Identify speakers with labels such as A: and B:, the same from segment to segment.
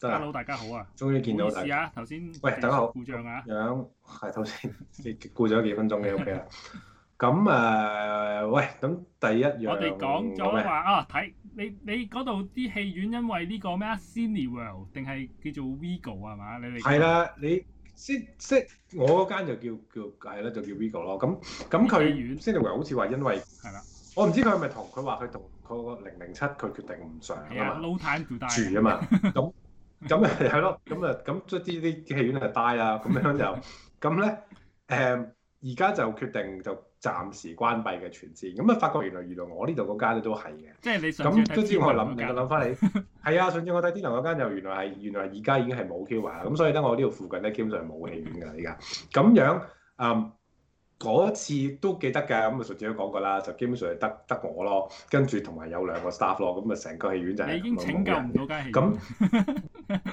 A: 真啊！Hello，
B: 大家好啊！終於見到。幾時啊？頭先。喂，大家好。故障啊！樣
A: 係頭先，故障咗幾分鐘嘅 OK 啦。咁誒，喂，咁第一樣。我哋講咗話
B: 啊，睇你你嗰度啲戲院因為呢個咩啊，Cineworld 定係叫做 Vigo 係嘛？你哋。係啦，
A: 你即即我嗰間就叫叫係啦，就叫 Vigo 咯。咁咁佢。戲院。Cineworld 好似話因為。係啦。我唔知佢係咪同佢話佢同嗰個零零七佢決定唔上啊嘛。係
B: 啊，No Time to Die。住啊嘛。
A: 咁。咁啊，係咯， 咁啊，咁即啲啲戲院就 die 啦，咁樣就，咁咧，誒，而家就決定就暫時關閉嘅全線，咁啊，發覺原來原來我呢度嗰間咧都係嘅，即係
B: 你咁都知我諗，你我
A: 諗翻你，係 啊，上次我睇啲樓嗰間就原來係原來而家已經係冇 queue 啊，咁所以咧我呢度附近咧基本上冇戲院噶啦，依家，咁樣，嗯。嗰次都記得㗎，咁啊熟姐都講過啦，就基本上係得得我咯，跟住同埋有兩個 staff 咯，咁啊成個戲院就你已經請緊唔到間戲院咁，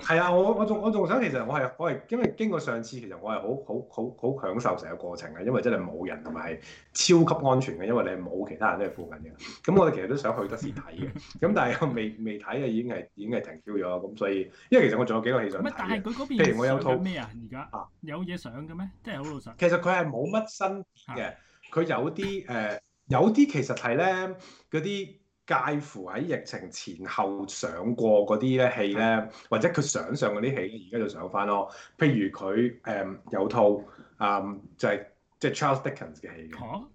A: 係、嗯、 啊，我我仲我仲想其實我係我係因為經過上次其實我係好好好好享受成個過程嘅，因為真係冇人同埋係超級安全嘅，因為你係冇其他人都係附近嘅，咁我哋其實都想去得時睇嘅，咁 但係未未睇啊，已經係已經係停票咗，咁所以因為其實我仲有幾個戲想，咁但係佢嗰邊譬如我有套咩
B: 啊而家啊有嘢上嘅咩，真係好老實。其
A: 實佢係冇乜新。嘅，佢有啲誒、呃，有啲其實係咧嗰啲介乎喺疫情前後上過嗰啲咧戲咧，的或者佢想上嗰啲戲，而家就上翻咯。譬如佢誒、呃、有套、呃就係就係、啊，就係即係 Charles Dickens 嘅戲嘅。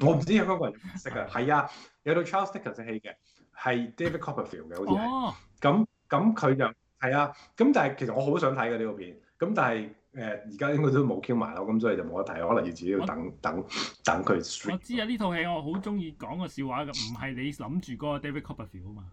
A: 我唔知有冇人識啊？係啊，有套 Charles Dickens 嘅戲嘅，係 David Copperfield 嘅，好似係。咁咁佢就係啊。咁但係其實我好想睇嘅呢個片。咁但係。誒而家應該都冇 Q 埋咯，咁所以就冇得睇，可能要自己要等我等等佢 stream，我
B: 知啊，呢套戲我好中意講個笑話嘅，唔係你
A: 諗住個 David Copperfield 啊嘛，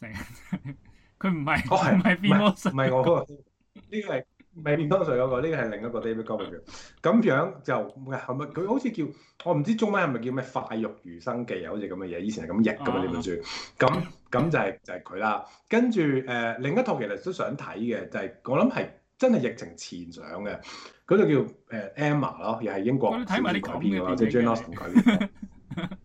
A: 成
B: 日佢唔係唔係變魔唔係我呢
A: 個係咪變魔術嗰個？呢、呢個係另一個 David Copperfield。咁樣就係咪佢好似叫我唔知中文係咪叫咩《塊肉餘生記》啊？好似咁嘅嘢，以前係咁譯嘅嘛呢本書。咁咁、uh huh. 就係、係、就係佢啦。跟住誒、呃、另一套其實都想睇嘅，就係、係、我諗係。真係疫情前上嘅，嗰度叫誒 Emma 咯，又係英國小改編嘅喎，即係 Jane Austen 改編。那個、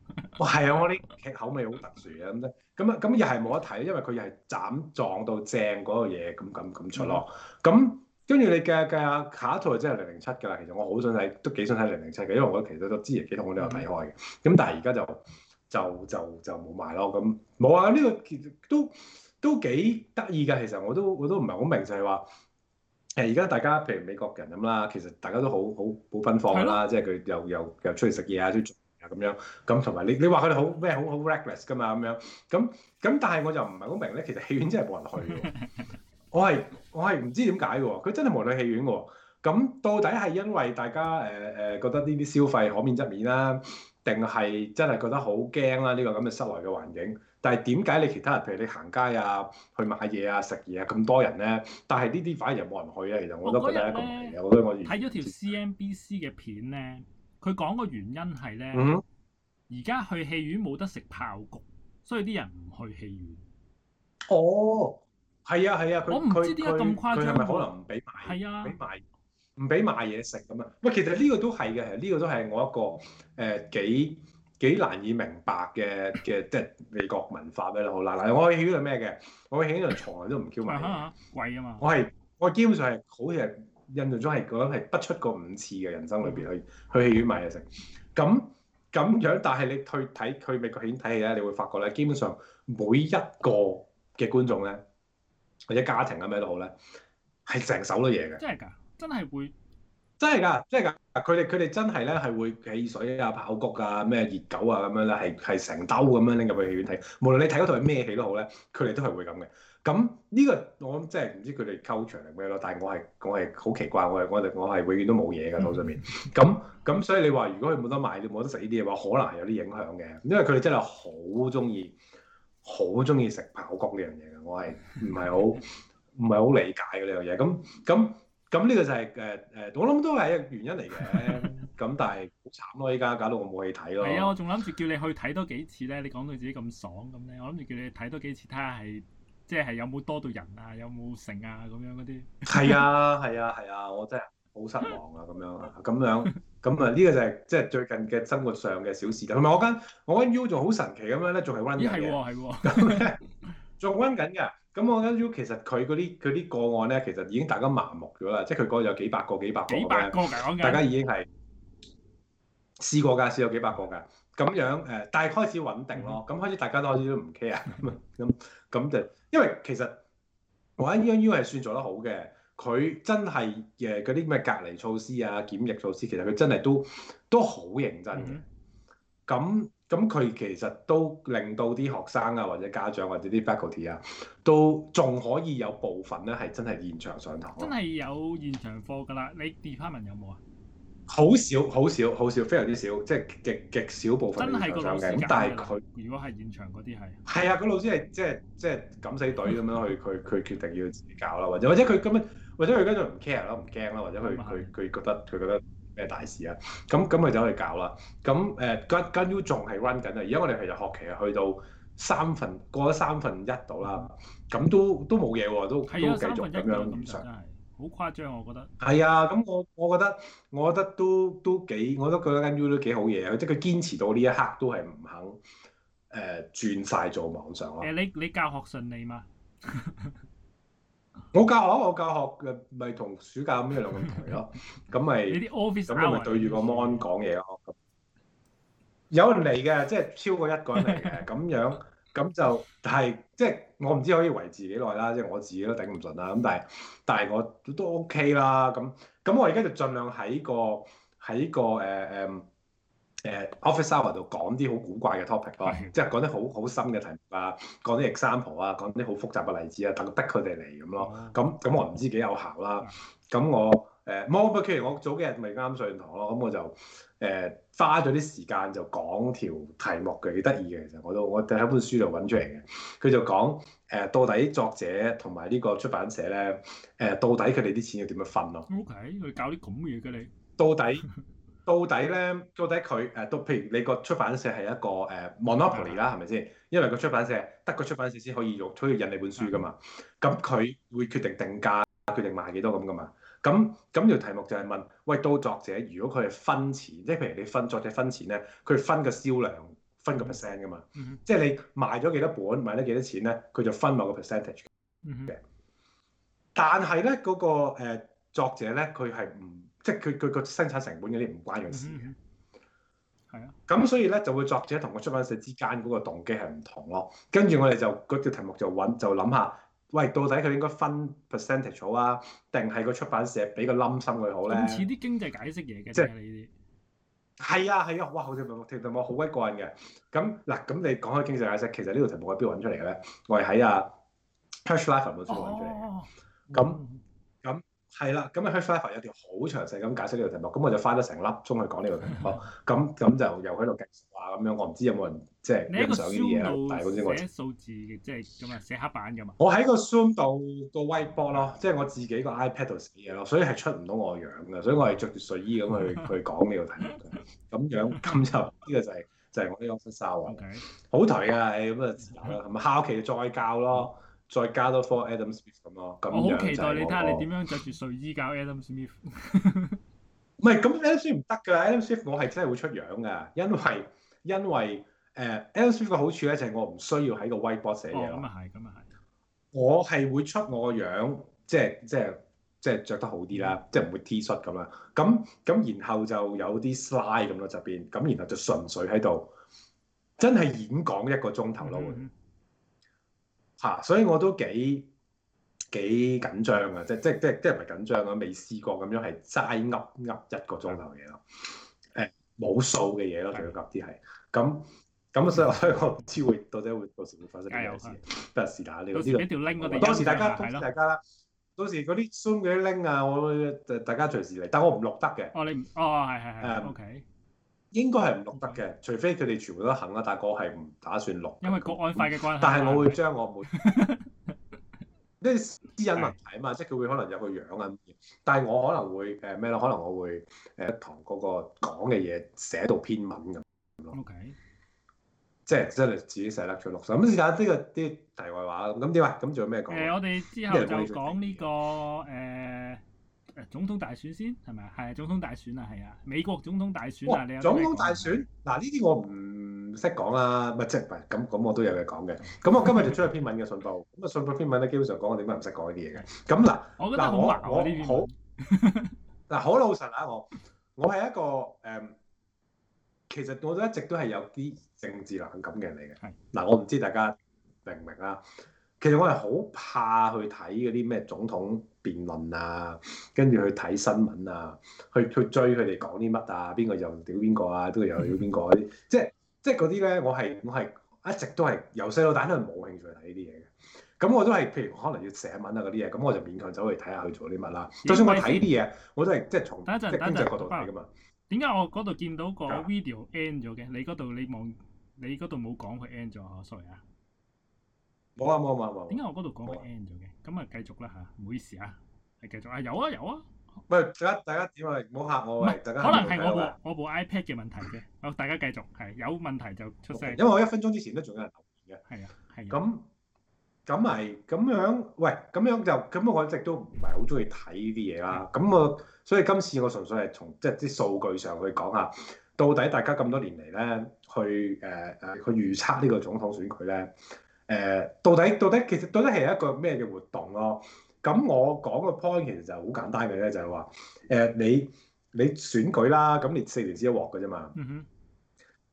A: 哇，係啊，我啲劇口味好特殊嘅咁，咁啊，咁又係冇得睇，因為佢又係斬撞到正嗰個嘢，咁咁咁出咯。咁跟住你計下計下，下一套就真係零零七㗎啦。其實我好想睇，都幾想睇零零七嘅，因為我其實都知型幾套，我都有睇開嘅。咁、嗯、但係而家就就就就冇買咯。咁冇啊，呢、這個其實都都幾得意㗎。其實我都我都唔係好明，就係、是、話。誒而家大家譬如美國人咁啦，其實大家都好好好奔放啦，是的即係佢又又又出去食嘢啊，出嚟啊咁樣。咁同埋你你話佢哋好咩？好好 reckless 㗎嘛咁樣。咁咁但係我就唔係好明咧，其實戲院真係冇人去嘅。我係我係唔知點解嘅喎，佢真係冇去戲院喎。咁到底係因為大家誒誒、呃、覺得呢啲消費可免則免啦，定係真係覺得好驚啦？呢、呢個咁嘅室內嘅環境？但係點解你其他人譬如你行街啊、去買嘢啊、食嘢啊咁多人咧？但係呢啲反而又冇人去咧。其實我都覺得係一個原因。睇
B: 咗條 CNBC 嘅片咧，佢講個原因係咧，而家去戲院冇得食爆谷，
A: 所以啲人唔去戲院。哦，係啊係啊，佢佢佢佢係咪可能唔俾賣？係啊我，唔俾賣，唔俾賣嘢食咁啊。喂，其實呢個都係嘅，呢、呢個都係我一個誒、呃、幾。幾難以明白嘅嘅，即係美國文化咩都好嗱嗱，我去戲院咩嘅？我去戲院從來都唔叫埋嘢，貴啊嘛！我係我基本上係好似係印象中係覺得係不出過五次嘅人生裏邊去 去，去戲院買嘢食，咁咁樣，但係你去睇去美國戲院睇戲咧，你會發覺咧，基本上每一個嘅觀眾咧，或者家庭咁樣都好咧，係成手都嘢嘅，真係㗎，真係會。真係㗎，真係㗎！佢哋佢哋真係咧係會汽水啊、爆谷啊、咩熱狗啊咁樣咧，係係成兜咁樣拎入去戲院睇。無論你睇嗰套係咩戲都好咧，佢哋都係會咁嘅。咁呢個我諗即係唔知佢哋溝場係咩咯，但係我係我係好奇怪，我係我哋我係永遠都冇嘢嘅腦上面。咁咁所以你話如果佢冇得買，你冇得食呢啲嘢，話可能有啲影響嘅，因為佢哋真係好中意好中意食爆谷呢樣嘢嘅。我係唔係好唔係好理解呢樣嘢。咁咁。咁呢個就係誒誒，我諗都係一個原因嚟嘅。咁 但係好慘、啊、現在我咯，依家搞到我冇戲睇咯。係啊，我
B: 仲諗住叫你去睇多幾次咧。你講到自己咁爽咁咧，我諗住叫你睇多幾次看看，睇下係即係有冇多到人啊，有冇盛啊咁樣
A: 嗰啲。係啊，係 啊，係啊，啊，我真係好失望啊！咁樣啊，咁樣咁啊，呢 個就係即係最近嘅生活上嘅小事啦。同埋 我間我間 U 仲好神奇咁樣咧，仲係 run 啲嘢，係喎係
B: 喎，
A: 仲 run 緊㗎。 咁我間 U 其實佢嗰啲佢啲個案咧，其實已經大家麻木咗啦，即係佢個有幾百個幾百個咁樣，幾百個大家已經係試過㗎，試過幾百個㗎。咁樣誒，但係開始穩定咯，咁、嗯、開始大家都開始都唔 care 咁咁咁就， 因為其實我間 U 係算做得好嘅，佢真係誒嗰啲咩隔離措施啊、檢疫措施，其實佢真係都都好認真嘅。咁、嗯。咁佢其實都令到啲學生啊，或者家長或者啲 faculty 啊，都仲可以有部分咧，係真係現場上堂。真係
B: 有現場課㗎啦！你 department 有冇啊？
A: 好少，好少，好少，少，非常之少，即係極極少部分。真係個老師咁，但係佢
B: 如果係現場嗰啲
A: 係。係啊，個老師係即係即係敢死隊咁樣去佢去決定要自己教啦，或者或者佢咁樣，或者佢跟住唔 care 咯，唔驚啦，或者佢佢佢覺得佢覺得，咩大事啊？咁咁咪走去搞啦。咁誒，跟、呃、U 仲係 run 緊啊！而家我哋其實學期係去到三分過咗三，的三分一度啦。咁都都冇嘢喎，都都繼續咁樣唔上。
B: 好誇張，我覺得。
A: 係啊，咁我我覺得我覺得都都幾，我都覺得跟 U 都幾好嘢啊！即係佢堅持到呢一刻都係唔肯誒、呃、轉晒做網上咯。
B: 誒、呃、你你教學順利嘛？
A: 我教學，我教學咪咪同暑假咩樣兩個人嚟咯，咁咪咁我咪對住個 mon 講嘢咯。有人嚟嘅，即係超過一個人嚟嘅，咁 樣咁就係即係我唔知可以維持幾耐啦，即係我自己都頂唔順啦。咁但係但係我都 OK 啦。咁咁我而家就盡量喺個喺個誒誒。Uh, 誒、uh, office hour 度講啲好古怪嘅 topic 咯的，即係講啲好好深嘅題目啊，講啲 example 啊，講啲好複雜嘅例子啊，等得佢哋嚟咁咯。咁咁、嗯、我唔知幾有效啦。咁、嗯、我誒，冇不譬如我早幾日咪啱上堂咯，咁、嗯、我就誒、呃、花咗啲時間就講條題目嘅，幾得意嘅其實我都我喺一本書度揾出嚟嘅。佢就講誒、呃，到底作者同埋呢個出版社咧，誒到底佢哋啲錢要點樣分咯？O K，佢搞啲咁嘅嘢嘅你，到底、啊？Okay, 到底咧，到底佢誒都，譬如你個出版社係一個誒 monopoly 啦，係咪先？因為個出版社得個出版社先可以用可以印你本書噶嘛。咁佢的會決定定價，決定賣幾多咁噶嘛。咁咁條題目就係問：喂，到作者如果佢係分錢，即、就、係、是、譬如你分作者分錢咧，佢分，分個銷量分個 percent 噶嘛。即係、嗯、哼你賣咗幾多本，賣得幾多錢咧，佢就分某個 percentage、嗯、哼但係咧，嗰、那個、呃、作者咧，佢係唔。即係佢佢個生產成本嗰啲唔關樣事嘅，係、
B: 嗯嗯、
A: 啊。咁所以咧就會作者同個出版社之間嗰個動機係唔同咯。跟住我哋就嗰條題目就揾就諗下，喂，到底佢應該分 percentage 好啊，定係個出版社俾個冧心佢好咧？似
B: 啲經濟解釋嘢嘅，
A: 即係呢啲。係啊係啊，哇！好正題目，題目好鬼過癮嘅。咁嗱，咁你講開經濟解釋，其實呢條題目係邊度揾出嚟嘅咧？我係喺啊，Cash Life 嗰本書揾出嚟。哦。咁。嗯係啦，咁啊喺 f i 有條好詳細咁解釋呢個題目，咁我就花咗成粒鐘去講呢個題目，咁咁就又喺度計數咁樣，樣樣我唔知有冇人即係欣賞呢啲嘢，數字但係嗰啲我我喺個 Zoom 度個 Whiteboard 咯，即係我自己個 iPad 度寫嘢咯，所以係出唔到我樣嘅。所以我係着住睡衣咁去 去講呢個題目，咁樣咁就呢個就係、係 Okay. 欸、就我呢 office hour 好頹㗎，咁啊咁啊下期再教咯。再加多 for Adam Smith 咁咯，咁我好、哦、期待你睇下你點樣着
B: 住睡衣搞 Adam Smith
A: 唔係，咁 Adam Smith 唔得㗎，Adam Smith 我係真係會出樣㗎，因為因為誒、呃、Adam Smith 個好處咧就係我唔需要喺個 whiteboard 寫嘢咯。咁啊係，咁啊係。我係會出我個樣，即係即係即係著得好啲啦，即係唔會 T 恤咁啦。咁咁然後就有啲 slide 咁咯，入邊。咁然後就純粹喺度，真係演講一個鐘頭咯。嗯啊、所以我都幾幾緊張啊！即即即即唔係緊張啊，未試過咁樣係齋噏噏一個鐘頭嘢咯。誒的，冇數嘅嘢咯，仲要噏啲係咁咁，所以的、嗯、所以我唔知會到底油會到時會發生啲咩事。不如油、啊、試下呢、這個呢個。當時大家通知大家啦，的到時嗰啲 Zoom 嗰啲 link 啊，我大家隨時嚟，但我唔錄得嘅、哦。
B: 哦，你唔哦，係係係。嗯、o、okay、k
A: 應該係唔錄得嘅，除非佢哋全部都肯啦。但係我係唔打算錄，
B: 因為國安法嘅關係。但係我會
A: 將我每啲 私隱問題啊，的即係佢會可能會有個樣啊。但係我可能會誒咩咯？可能我會誒同嗰個講嘅嘢寫到篇文咁。OK，即係真係自己細粒再錄。咁試下呢個啲題外話咁點啊？咁仲有咩講、欸？我哋之後就講
B: 呢、這個誒。嗯誒總統大選先係咪啊？係啊，總統大選啊，係啊，美國總統大選啊，你有、哦、總統大
A: 選嗱呢啲我唔識講啊，咪係即係咁咁我都有嘅講嘅，咁我今日就出咗篇文嘅、嗯、信報，咁啊、嗯、信報篇文咧基本上講我點解唔識講呢啲嘢嘅，咁嗱、嗯那，我覺得好嗱 好老實啊，我我係一個誒、嗯，其實我都一直都係有啲政治冷感嘅人嚟嘅，嗱是我唔知大家明唔明啊？其實我係好怕去睇嗰啲咩總統辯論啊，跟住去睇新聞啊，去去追佢哋講啲乜啊，邊個又屌邊個啊，都又屌邊個嗰、啊、啲、啊， 即係即係嗰啲咧，我係我係一直都係由細到大都係冇興趣睇呢啲嘢嘅。咁我都係譬如可能要寫文啊嗰啲嘢，咁我就勉強走去睇下佢做啲乜啦。實就算我睇啲嘢，我都係即係從即係經濟角度睇噶嘛。點解我嗰度
B: 見到個 video end 咗嘅？你嗰度你望你嗰度冇講佢 end 咗吓？sorry 啊。
A: 冇啊冇啊冇啊，點
B: 解、啊啊啊、我嗰度講緊 end 咗嘅？咁啊繼續啦吓，唔好意思啊，
A: 係繼續啊，有啊有啊，喂，大家大家點啊？唔好吓我喂，大家不可能係我部
B: 我部 iPad 嘅問題嘅。好， 大家繼續，係有問題就
A: 出聲，因為我一分鐘之前都仲有人留言嘅，係啊係。咁咁咪咁樣？喂，咁樣就咁，我一直都唔係好中意睇呢啲嘢啦。咁的我所以今次我純粹係從即係啲數據上去講下，到底大家咁多年嚟咧去誒誒、呃、去預測呢個總統選舉咧。誒到底到底其實到底係一個咩嘅活動咯、啊？咁我講個 point 其實就好簡單嘅咧，就係話誒你你選舉啦，咁你四年先一鑊嘅啫嘛。
B: 咁、mm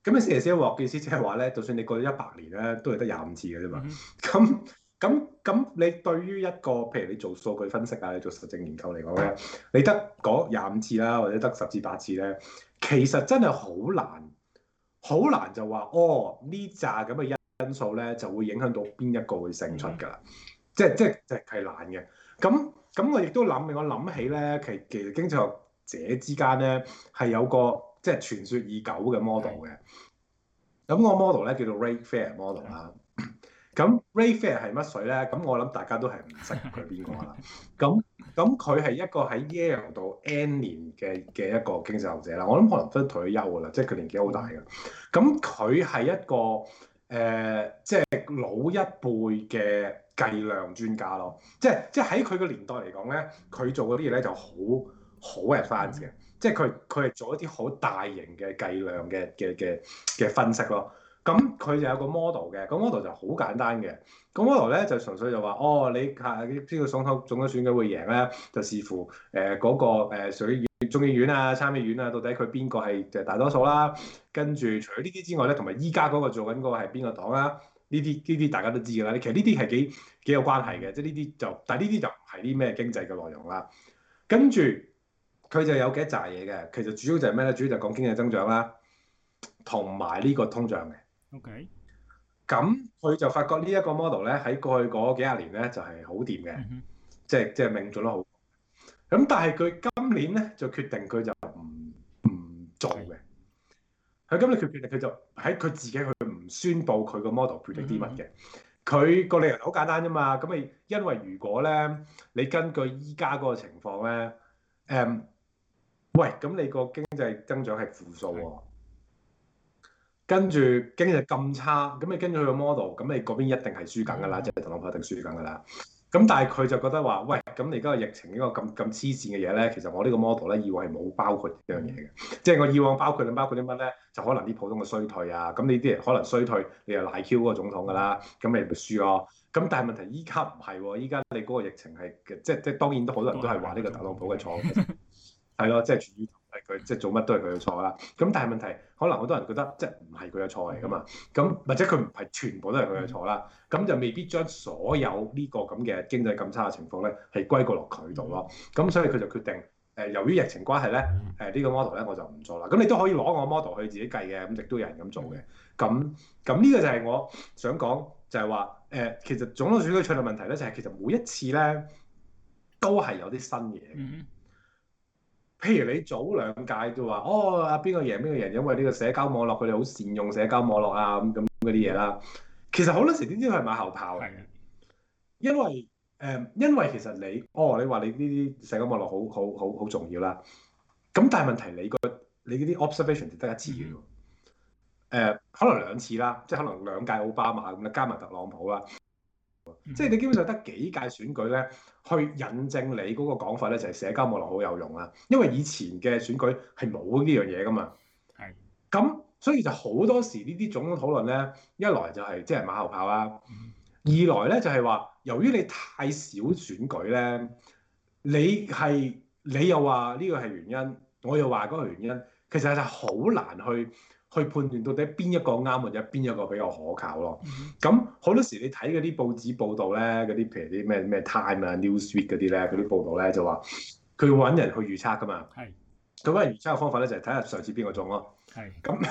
A: hmm. 你四年先一鑊嘅意思即係話咧，就算你過咗一百年咧，都係得廿五次嘅啫嘛。咁咁咁你對於一個譬如你做數據分析啊，你做實證研究嚟講咧，mm hmm. 你得嗰廿五次啦，或者得十至八次咧，其實真係好難好難就話哦呢扎咁嘅一因素咧就會影響到邊一個會勝出噶啦 Yeah.，即係即係即係係難嘅。咁咁我亦都諗，我諗起咧其其實經濟學者之間咧係有個即係傳說已久嘅 model 嘅。咁 Yeah. 個 model 咧叫做 Ray Fair model 啦。咁 Yeah. Ray Fair 係乜水咧？咁我諗大家都係唔識佢邊個啦。咁咁佢係一個喺耶魯度 n 年嘅嘅一個經濟學者啦。我諗可能都退休噶啦，即係佢年紀好大嘅。咁佢係一個。誒，即係，呃就是，老一輩嘅計量專家咯，即係即係喺佢個年代嚟講咧，佢做嗰啲嘢咧就好好 advanced 嘅，即係佢佢係做一啲好大型嘅計量嘅嘅嘅嘅分析咯。咁佢就有個 model 嘅，咁 model 就好簡單嘅。咁 model 咧就純粹就話，哦，你係知道雙頭總統選舉會贏咧，就視乎嗰、呃、個水屬於眾議院啊、參議院啊，到底佢邊個係誒大多數啦。跟住除咗呢啲之外咧，同埋依家嗰個做緊嗰個係邊個黨啦，呢啲呢啲大家都知㗎啦。其實呢啲係幾有關係嘅，即呢啲就但呢啲就唔係啲咩經濟嘅內容啦。跟住佢就有幾多嘢嘅，其實主要就係咩咧？主要就係講經濟增長啦，同埋呢個通脹嘅。OK，咁佢就發覺模呢一個 model 咧喺過去嗰幾廿年咧就係好掂嘅，即係即係命中得好。咁但係佢今年咧就決定佢就唔唔做嘅。佢 Okay. 今日決定佢就喺佢自己去唔宣佈佢個 model predict 啲乜嘅。佢、mm hmm. 個理由好簡單啫嘛。咁你因為如果咧你根據依家嗰個情況咧，誒、嗯，喂，咁你個經濟增長係負數喎。Mm hmm. 跟住經濟咁差，咁你跟住佢個 model，咁你嗰邊一定係輸緊㗎啦，即係特朗普一定輸緊㗎啦。咁但係佢就覺得話：喂，咁而家個疫情個呢個咁咁黐線嘅嘢咧，其實我呢個 model 咧以往係冇包括呢樣嘢嘅。即係我以往包括你包括啲乜咧？就可能啲普通嘅衰退啊。咁你啲可能衰退，你又賴 Q 嗰個總統㗎啦。咁，嗯，你咪輸咯啊。咁但係問題依家唔係喎，依家你嗰個疫情係，即即當然都好多人都係話呢個特朗普嘅錯，係咯，即係 係佢即係做乜都係佢嘅錯啦。咁但係問題可能好多人覺得即係唔係佢嘅錯嚟噶嘛。咁或者佢唔係全部都係佢嘅錯啦。咁、嗯、就未必將所有呢個咁嘅經濟咁差嘅情況咧係歸過落佢度咯。咁、嗯、所以佢就決定誒、呃，由於疫情關係咧，誒、呃這個、呢個 model 咧我就唔做啦。咁你都可以攞我 model 去自己計嘅，咁亦都有人咁做嘅。咁咁呢個就係我想講，就係話誒，其實總統選舉出嚟問題咧，就係、是、其實每一次咧都係有啲新嘢。嗯。譬如你早兩屆都話哦，阿邊個贏，邊個贏，因為呢個社交網絡佢哋好善用社交網絡啊，咁咁嗰啲嘢啦。其實好多時點知佢係馬後炮，因為誒、呃，因為其實你哦，你話你呢啲社交網絡好好好好重要啦。咁但係問題你個你嗰啲 observation 就得一次嘅喎、嗯呃，可能兩次啦，即係可能兩屆奧巴馬咁樣加埋特朗普啦。即係你基本上得幾屆選舉咧，去印證你嗰個講法咧，就係、是、社交網絡好有用啦、啊。因為以前嘅選舉係冇呢樣嘢噶嘛。係的。咁所以就好多時呢啲種種討論咧，一來就係即係馬後炮啦、啊；嗯、二來咧就係話，由於你太少選舉咧，你係你又話呢個係原因，我又話嗰個原因，其實就好難去。去判斷到底邊一個啱，或者邊一個比較可靠咯。咁好、mm hmm. 多時你睇嗰啲報紙報道咧，嗰啲譬如啲咩咩 Time 啊、Newsweek 嗰啲咧，嗰啲報道咧就話佢要揾人去預測噶嘛。係、mm，佢、hmm. 揾人預測嘅方法咧就係睇下上次邊個中咯。係、mm，咁、hmm.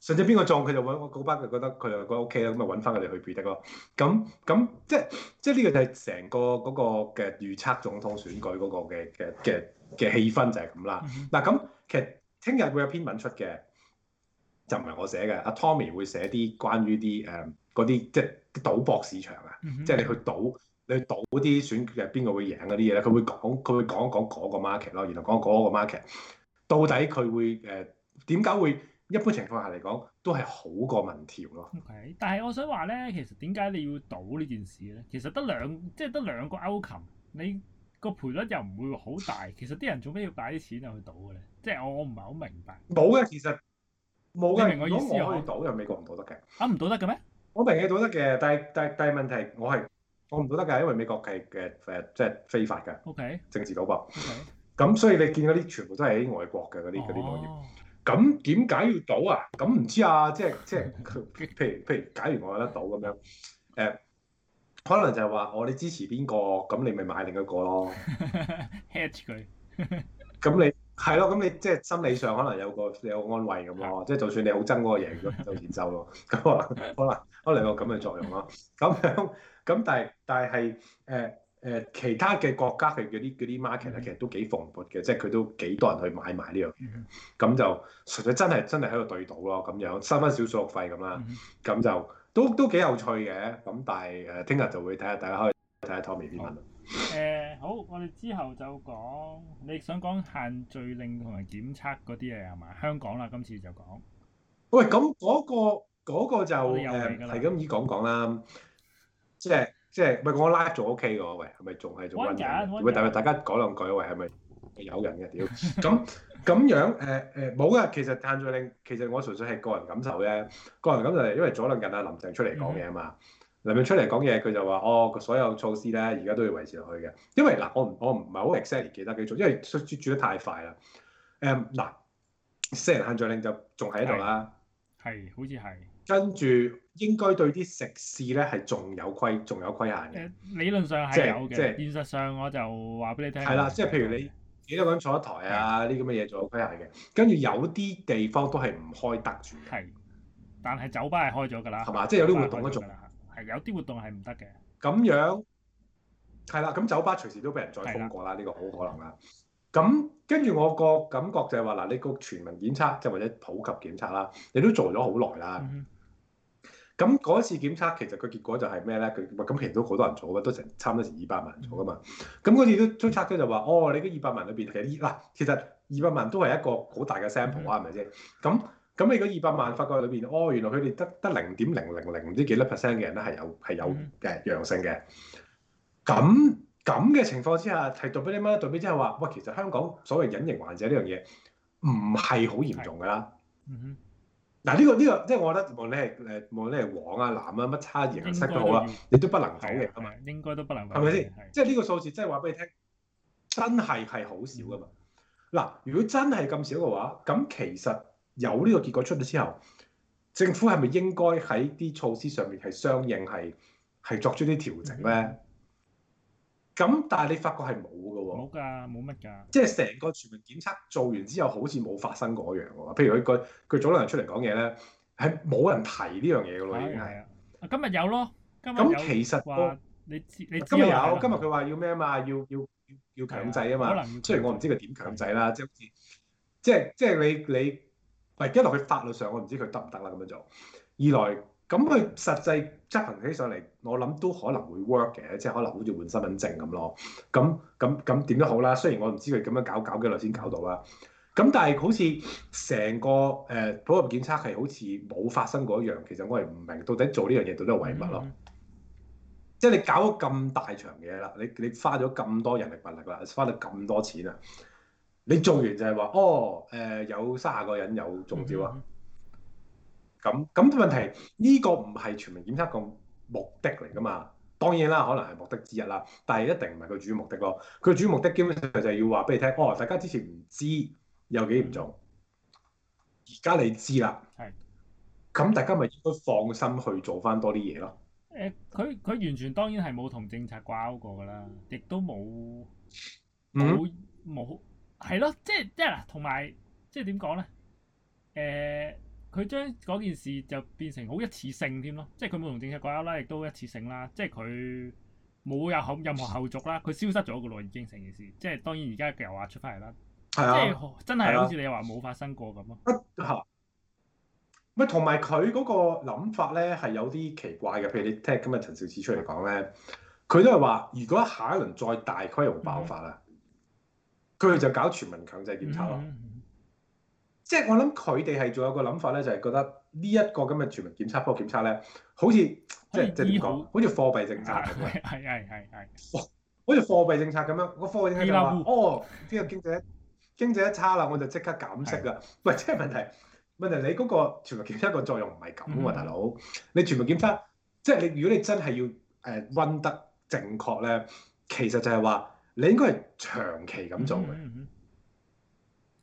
A: 上次邊個中佢就揾嗰班，佢覺得佢又覺得就 OK 啦，咁就揾翻佢哋去 predict 咯。咁咁即係即係呢個就係成個嗰個嘅預測總統選舉嗰個嘅嘅嘅嘅氣氛就係咁啦。嗱咁、mm hmm. 其實聽日會有篇文出嘅。就唔係我寫嘅，阿 Tommy 會寫啲關於啲誒嗰啲，即、嗯、係、就是、賭博市場啊，即係、嗯、哼你去賭，你去賭嗰啲選舉係邊個會贏嗰啲嘢咧？佢會講，佢會講一講嗰個 market 咯，然後講嗰個 market 到底佢會誒點解會一般情況下嚟講都係好過民調咯。
B: Okay，但係我想話咧，其實點解你要賭呢件事咧？其實得兩，即係得兩個 outcome，你個賠率又唔會好大。其實啲人做咩要擺啲錢入去賭嘅咧？即係我我唔係好明白。冇
A: 嘅，其實。冇嘅，如果我，我可以賭，又美國唔賭得嘅，
B: 唔賭得嘅咩？
A: 的我明你賭得嘅，但係但係問題，我係我唔賭得噶，因為美國係嘅誒，即係非法嘅 Okay? 政治賭博。咁 Okay? 所以你見嗰啲全部都係喺外國嘅嗰啲嗰啲，咁點解要賭啊？咁唔知啊，即係即係，譬如譬如，假如我有得賭咁樣，誒、呃，可能就係話我哋支持邊個，咁你咪買另一個咯 hedge
B: edge 佢他。咁
A: 你？係咯，咁你即係心理上可能有個你有個安慰咁咯，即係 就，就算你好憎嗰個嘢，咁就接受咯，咁可能可能可能有咁嘅作用咯。咁 咁但係但係誒誒其他嘅國家嘅嗰啲嗰啲 market 咧，其實都幾蓬勃嘅，即係佢都幾多人去買埋呢樣嘢。咁 就純粹真係真係喺度對賭咯，咁樣收翻少數費咁啦。咁就都都幾有趣嘅。咁但係誒，聽日就會睇下大家可以睇下 Tommy 邊問。
B: 誒，好，我哋之後就講，你想講限聚令同埋檢測嗰啲嘢係嘛？香港啦，
A: 今次就講。喂，咁嗰個嗰個就誒，係咁依講講啦，即係即係，唔係我拉咗 OK 噶，喂，係咪仲係仲溫嘅？喂，但係大家講兩句，喂，係咪有人嘅？屌，咁咁樣誒誒，冇噶，其實限聚令，其實我純粹係個人感受啫，個人感受係因為早兩日啊，林鄭出嚟講嘢啊嘛。林偉出嚟講嘢，佢就話：哦，個所有措施咧，而家都要維持落去嘅。因為嗱，我唔我唔係好 exactly 記得幾多，因為住住得太快啦。誒、um, 嗱，私人限聚令就仲喺度啦。係，好似係。跟住應該對啲食肆咧係仲有規，仲有規限嘅、
B: 呃。理論上係有嘅。即係、即係即係、現實上我就話俾
A: 你聽。係啦的，即係譬如你幾多個人坐一台啊？呢啲咁嘅嘢仲有規限嘅。跟住有啲地方都係唔開得住嘅。係。但係酒吧係開咗㗎啦。係嘛？即係有啲活動都仲。
B: 有啲活動係唔得嘅，
A: 咁樣係啦。咁酒吧隨時都俾人再封過啦，呢的個好可能啦。咁跟住我個感覺就係話嗱，你個全民檢測即係或者普及檢測啦，你都做咗好耐啦。咁嗰、嗯、哼次檢測其實個結果就係咩咧？佢咁其實都好多人做嘅，都成差唔多成二百萬人做㗎嘛。咁嗰、嗯、次都都測咗就話哦，你啲二百萬裏邊其實嗱，其實二百、啊、萬都係一個好大嘅 sample 啊、嗯，係咪先？咁咁你嗰二百萬發覺裏邊，哦，原來佢哋得得零點零零零唔知幾多 percent 嘅人咧係有係有嘅陽性嘅。咁咁嘅情況之下，提代表啲乜？代表即係話，哇，其實香港所謂隱形患者呢樣嘢唔係好嚴重噶啦。嗱呢、嗯哼啊呢個呢、呢個即係我覺得，無論你係誒，無論你係黃啊、藍啊，乜差顏色都好啦，都你都不能否認啊嘛。應該都不能。係咪先？即係呢個數字，即係話俾你聽，真係係好少噶嘛。嗱、嗯啊，如果真係咁少嘅話，咁其實。有呢個結果出咗之後，政府係咪應該喺啲措施上面係相應係係作出啲調整咧？咁、嗯、但係你發覺係冇噶喎，冇㗎，冇乜㗎。即係成個全民檢測做完之後，好似冇發生嗰樣喎、哦。譬如佢佢佢早兩日出嚟講嘢咧，係冇人提呢樣嘢㗎咯。已經係今日有咯，今日
B: 有。咁其實說你你今日有，今日
A: 佢話要咩啊嘛？要要要，要強制啊嘛？雖然我唔知佢點強制啦，即係好似即係即係你你。你喂，一來佢法律上我唔知佢得唔得啦咁樣做；二來咁佢實際執行起上嚟，我諗都可能會 work 嘅，即係可能好似換身份證咁咯。咁咁咁點都好啦，雖然我唔知佢咁樣搞搞幾耐先搞到啦。咁但係好似成個誒、呃、普及檢測係好似冇發生過一樣，其實我係唔明到底做呢樣嘢到底係為乜咯？嗯、即係你搞咗咁大場嘢啦，你你花咗咁多人力物力啦，花咗咁多錢啊！你做完就係話，哦，誒、呃、有卅個人有中招啊！咁咁、mm hmm. 問題呢、呢個唔係全民檢測嘅目的嚟噶嘛？當然啦，可能係目的之一啦，但係一定唔係佢主要目的咯。佢主要目的基本上就係要話俾你聽，哦，大家之前唔知有幾嚴重，而家你知啦。係、mm。咁、hmm. 大家咪應該放心去做翻多啲嘢咯。
B: 誒、呃，佢佢完全當然係冇同政策掛鈎過噶啦，亦都冇冇冇。Mm hmm. 係咯、就是，即係即係啦，同埋即係點講咧？誒，佢將嗰件事就變成好一次性添咯，即係佢冇同政策講啦，亦都一次性啦，即係佢冇有任何後續啦，佢消失咗個咯，已經成件事。即係當然而家嘅話出翻嚟啦，啊、即係真係好似你話冇發生過咁咯。
A: 嚇、啊！咪同埋佢嗰個諗法咧係有啲奇怪嘅，譬如你聽今日陳肇始出嚟講咧，佢都係話如果下一輪再大規模爆發啊！嗯佢哋就搞全民強制檢測咯，即係、嗯、我諗佢哋係仲有個諗法咧，就係覺得呢一個咁嘅全民檢測、波、這個、檢測咧，後好似即係點講？好似貨幣政策，係係係係，哇！好似貨幣政策咁樣，個貨幣政策就話：個哦，呢、這個經濟經濟一差啦，我就即刻減息啊！是喂，即、就、係、是、問題，問題你嗰個全民檢測個作用唔係咁啊，嗯、大佬，你全民檢測，即係你如果你真係要誒 run 得正確咧，其實就係話。你應該係長期咁做嘅，mm hmm.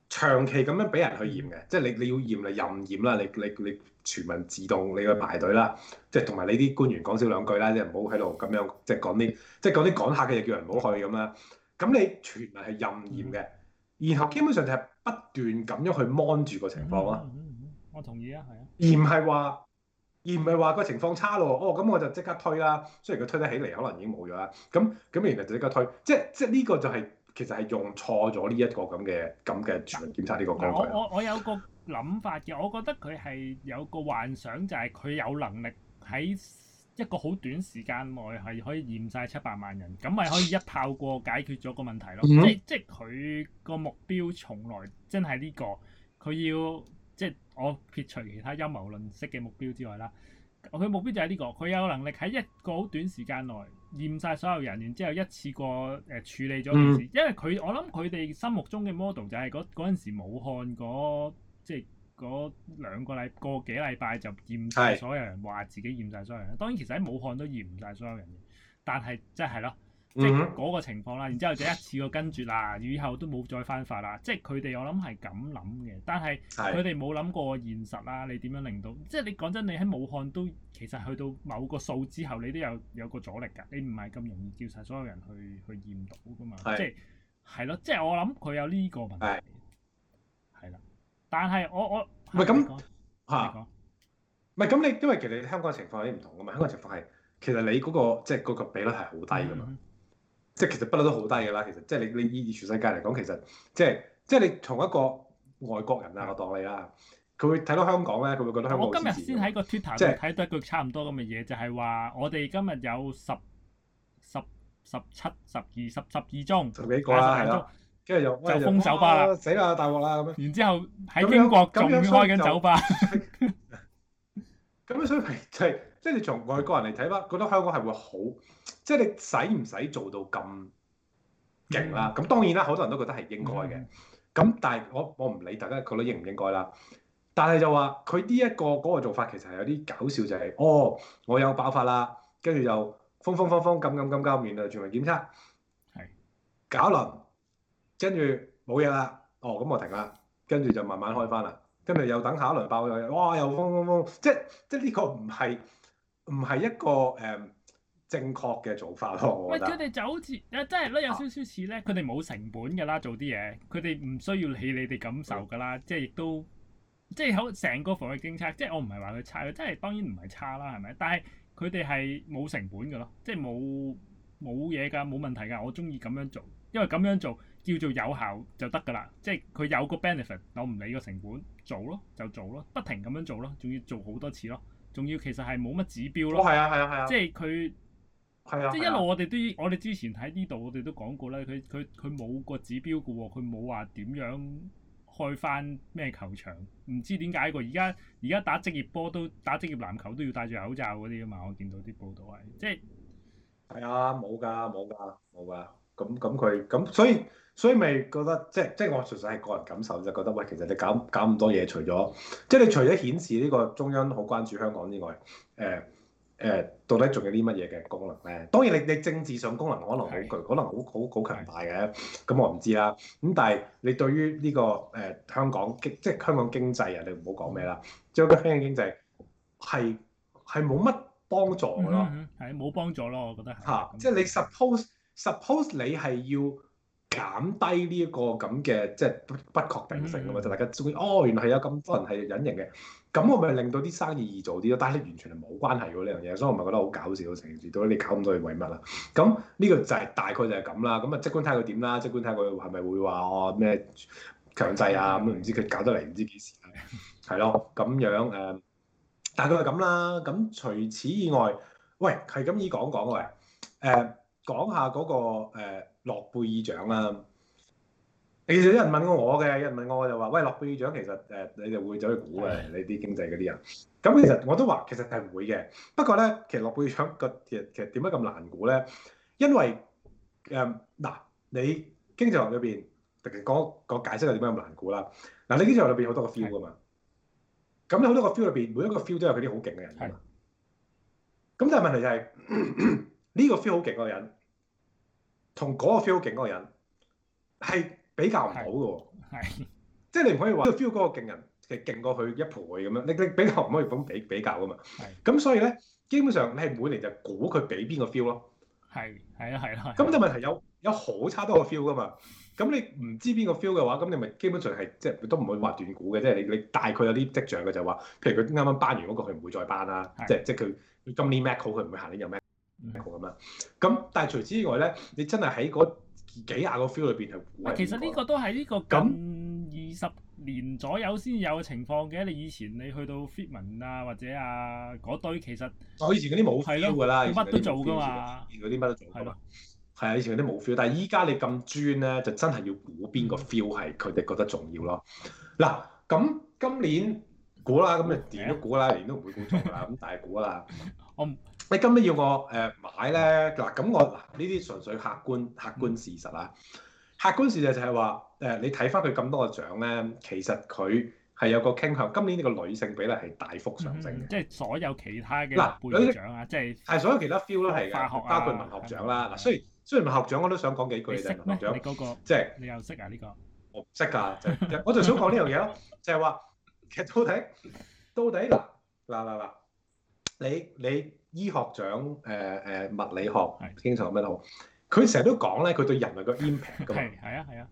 A: 長期咁樣俾人去驗嘅，即係你你要驗就任驗啦，你你你全民自動你要去排隊啦，即係同埋你啲官員講少兩句啦，你唔好喺度咁樣即係、就是、講啲即係講啲趕客嘅嘢叫人唔好去咁啦。咁你全民係任驗嘅，mm hmm. 然後基本上就係不斷咁樣去 mon 住個情況啦。Mm
B: hmm. 我同意啊，係啊，
A: 而唔係話。而唔係話個情況差咯，哦咁我就即刻推啦。雖然佢推得起嚟，可能已經冇咗啦。咁咁其實就即刻推，即即呢個就係、是、其實係用錯咗呢一個咁嘅咁嘅檢測呢個工具我。我
B: 我有個諗法嘅，我覺得佢係有個幻想，就係佢有能力喺一個好短時間內係可以驗晒七百萬人，咁咪可以一炮過解決咗個問題咯、嗯。即即佢個目標從來真係呢、這個，佢要。即係我撇除其他陰謀論式嘅目標之外啦，佢目標就係呢個，佢有能力喺一個好短時間內驗晒所有人，然之後一次過誒處理咗件事。嗯、因為佢我諗佢哋心目中嘅 model 就係嗰嗰陣時武漢嗰，即係嗰兩個禮個幾禮拜就驗晒所有人，話是自己驗晒所有人。當然其實喺武漢都驗唔晒所有人嘅，但係即係咯。即係嗰個情況啦，然之後就一次過跟住啦，以後都冇再翻發啦。即係佢哋我諗係咁諗嘅，但係佢哋冇諗過現實啦。你點樣令到？即係你講真，你喺武漢都其實去到某個數之後，你都有有個阻力㗎。你唔係咁容易叫晒所有人去去驗到㗎嘛？即係係咯，即係我諗佢有呢個問題，係啦。但係我我
A: 唔係咁嚇，你講，唔係咁你，因為其實你香港嘅情況有啲唔同㗎嘛。香港嘅情況係其實你嗰個即係嗰個比率係好低㗎嘛。即係其實不嬲都好低㗎啦，其實即係你你以全世界嚟講，其實即係即係你從一個外國人啊，我當你啦，佢會睇到香港咧，佢會覺得香港。我今日
B: 先喺個 Twitter 度
A: 睇到一句差唔多咁嘅嘢，就係話
B: 我哋今日有十十十七、十二、十十二宗、啊，十幾個啦，係咯、啊，
A: 跟住又就封酒吧啦、啊，死啦大鑊啦咁。然之後喺英國仲開緊酒吧，咁樣水平就係。 即係你從外國人嚟睇翻，覺得香港係會好，即係你使唔使做到咁勁啦？咁、嗯、當然啦，好多人都覺得係應該嘅。咁、嗯、但係我我唔理大家覺得應唔應該啦。但係就話佢呢一個嗰、那個做法其實係有啲搞笑，就係、是、哦，我有爆發啦，跟住就風風風風咁咁咁交面啊，全民檢測係搞一輪，跟住冇嘢啦。哦，咁我停啦，跟住就慢慢開翻啦。跟住又等下一輪爆咗，哇！又風風風，即係即係呢個唔係。唔係一個誒、嗯、正確嘅做法咯，我覺得。喂，佢哋
B: 就好似誒，真係咧有少少似咧，佢哋冇成本㗎啦，做啲嘢，佢哋唔需要理你哋感受㗎啦、嗯，即係亦都即係好成個防疫政策，即係我唔係話佢差，差，即係當然唔係差啦，係咪？但係佢哋係冇成本㗎咯，即係冇冇嘢㗎，冇問題㗎，我中意咁樣做，因為咁樣做叫做有效就得㗎啦，即係佢有個 benefit，我唔理個成本做咯，就做咯，不停咁樣做咯，仲要做好多次咯。仲要其實係冇乜指標咯，哦係啊係啊係啊，即係佢係啊，啊即係、啊、一路我哋都、啊、我哋之前喺呢度我哋都講過啦，佢佢佢冇個指標㗎喎，佢冇話點樣開返咩球場，唔知點解喎。而家而家打職業波都打職業籃球都要戴住口罩嗰啲啊嘛，我見到啲報道係即係
A: 係啊冇㗎冇㗎冇㗎。咁咁佢咁所以所以咪覺得即係即係我純粹係個人感受就覺得，喂，其實你搞搞咁多嘢除咗即係你除咗顯示呢個中央好關注香港之外，誒、呃、誒、呃、到底仲有啲乜嘢嘅功能咧？當然你你政治上功能可能好巨，的可能好好好強大嘅，咁的我唔知啦、啊。咁但係你對於呢、這個誒、呃、香港即係香港經濟啊，你唔好講咩啦，即係香港經濟係係冇乜幫助咯，係冇、嗯、幫助咯，我覺得嚇，啊、這樣 即係你 suppose。suppose 你係要減低呢一個咁嘅即係不確定性咁嘛，嗯、就大家知哦，原來係有咁多人係隱形嘅，咁我咪令到啲生意易做啲咯。但係你完全係冇關係喎呢樣嘢，所以我咪覺得好搞笑，成件事都你搞咁多嘢為乜啊？咁呢個就係、是、大概就係咁啦。咁啊，即管睇佢點啦，即管睇佢係咪會話咩強制啊？咁唔知佢搞得嚟唔知幾時啊？係咯，咁 樣誒，但係佢係咁啦。咁除此以外，喂，係咁意講講喂誒。呃講下嗰個誒諾貝爾獎啦、啊，其實有人問過我嘅，有人問我我就話：喂，諾貝爾獎其實誒你哋就會走去估嘅，的你啲經濟嗰啲人。咁、嗯、其實我都話其實係唔會嘅，不過咧其實諾貝爾獎其實其實點解咁難估咧？因為嗱、嗯啊，你經濟學裏邊特別講解釋係點解咁難估啦。嗱、啊，你經濟學裏邊好多個 feel 噶嘛，咁好的多個 feel 裏邊，每一個 feel 都有佢啲好勁嘅人，咁的但係問題就係、是、呢、 這個 feel 好勁嗰人。同嗰個 feel 勁嗰個人係比較唔好
B: 嘅，
A: 係即係你唔可以話 feel 嗰個勁人其實勁過佢一倍咁樣，你你比較唔可以咁比比較噶嘛。係咁的，所以咧基本上你係每年就估佢畀邊個 feel 咯。係係啊係咯。咁就係問題有有好差多個 feel 噶嘛？咁你唔知邊個 feel 嘅話，咁你咪基本上係即係都唔會話斷估嘅，即係你你大概有啲跡象嘅就係話，譬如佢啱啱頒完嗰、那個，佢唔會再頒啦的。即係即係佢今年 m a c 好，佢唔會下年又 m 咁啊！咁、嗯嗯、但係除此之外咧，你真係喺嗰幾廿個 feel 裏邊係估嘅。其實呢
B: 個都係呢個近二十年左右先有嘅情況嘅。那你以前你去到 fitman 啊或者啊嗰堆，其實我以前嗰啲冇 feel 噶啦，乜都做噶嘛。
A: 嗰啲乜都做噶嘛。係啊，以前嗰啲冇 feel，但係依家你咁專咧，就真係要估邊個 feel 係佢哋覺得重要咯。嗱、啊，咁今年估啦，咁你點都估啦，年都唔會估錯噶啦，咁大估啦。我唔你今日要我誒買咧嗱，咁我嗱呢啲純粹客觀客觀事實啊，客觀事實就係話誒，你睇翻佢咁多個獎咧，其實佢係有個傾向，今年呢個女性比例係大幅上升
B: 嘅，即係所有其他嘅嗱女獎啊，
A: 即係係所有其他 feel 都係嘅，科學包括文學獎啦，嗱雖然雖然文學獎我都想講幾句就係文學獎，即係你又識啊呢個？我唔識㗎，我就想講呢樣嘢咯，就係話其實到底到底嗱嗱嗱嗱，你你。醫學獎誒誒物理學係經常有咩好？佢成日都講咧，佢對人類個 impact 㗎嘛，係啊係啊，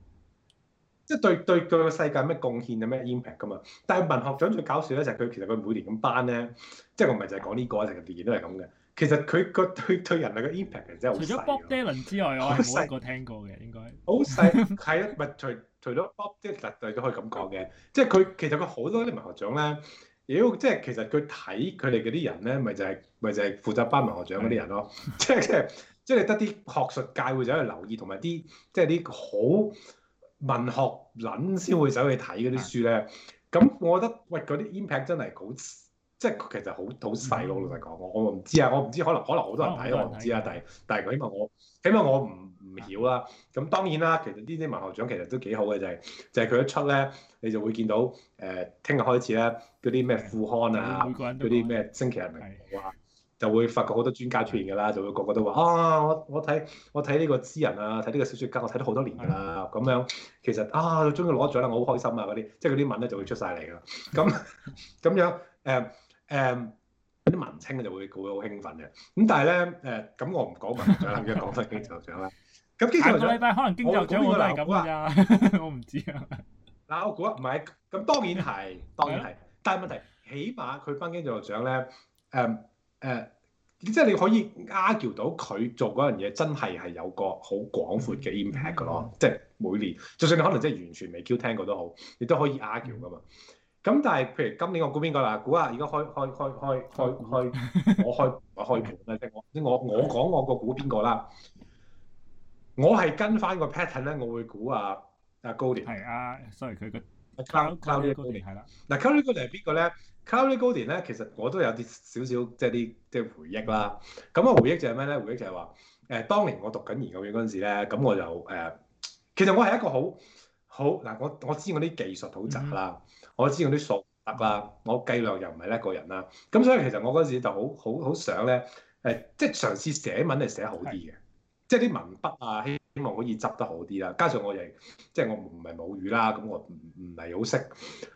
A: 即係、啊、對對對個世界咩貢獻有咩 impact 㗎嘛。但係文學獎最搞笑咧，就係佢其實佢每年咁頒咧，即係我唔係就係講呢個啊，成日年年都係咁嘅。其實佢、就是這個、啊、實對對人類個 impact 真係好細。除咗 Bob Dylan 之外，我係冇一個聽過嘅，應該好細除除咗 Bob，即實都可以咁講嘅。即佢、嗯、其實佢好多啲文學獎咧。妖，即係其實佢睇佢哋嗰啲人咧，咪就係咪就係負責頒文學獎嗰啲人咯，即係即係即係你得啲學術界會走去留意，同埋啲即係啲好文學撚先會走去睇嗰啲書咧。咁的我覺得影的，喂的，嗰啲 impact 真係好，即係其實好好細咯。嗯、老實講，我我唔知啊，我唔知可能可能好多人睇，我唔知啊。但係但係，起碼我起碼我唔。曉啦，咁當然啦，其實呢啲文學獎其實都幾好嘅，就係就係佢一出咧，你就會見到誒，聽日開始咧嗰啲咩副刊啊，嗰啲咩星期日明報啊，就會發覺好多專家出現㗎啦，就會個個都話啊，我我睇我睇呢個詩人啊，睇呢個小說家，我睇咗好多年㗎啦，咁樣其實啊終於攞獎啦，我好開心啊嗰啲，即係嗰啲文咧就會出晒嚟㗎，咁咁樣誒誒啲文青就會好興奮嘅，咁但係咧誒咁我唔講文學獎啦，而係講翻經濟獎啦。咁幾個禮拜可能經濟學獎會係咁啊？我唔知啊。嗱， 我估啊，唔係。咁當然係，當然係。 但係問題，起碼佢翻經濟學獎咧，誒、嗯、誒，即、呃、係、就是、你可以 argue 到佢做嗰樣嘢，真係係有個好廣闊嘅 impact 咯。即係、嗯、每年，就算你可能即係完全未 Q 聽過都好，你都可以 argue 噶嘛。咁但係，譬如今年我估邊個啦？估啊，而家開開開開開開，開開開開 我開我開盤啦。即我我 我講我個估邊個啦。我我係跟翻個 pattern 咧，我會估啊啊高年。係啊，sorry 佢個 Cl c l a 高廉係啦。嗱 Clary 高廉係邊個咧？Clary 高年咧，其實我都有啲少少即係啲即係回憶啦。咁個、嗯、回憶就係咩咧？回憶就係話誒，當年我讀緊研究院嗰陣時咧，咁我就誒、呃，其實我係一個好好嗱，我我知我啲技術好雜啦，我知、嗯、我啲數學啦，嗯、我計量又唔係叻個人啦。咁所以其實我嗰陣時就、呃、試試好好好想咧誒，即係嘗試寫文嚟寫好啲嘅。即係啲文筆啊，希希望可以執得好啲啦。加上我又即係我唔係母語啦，咁我唔唔係好識，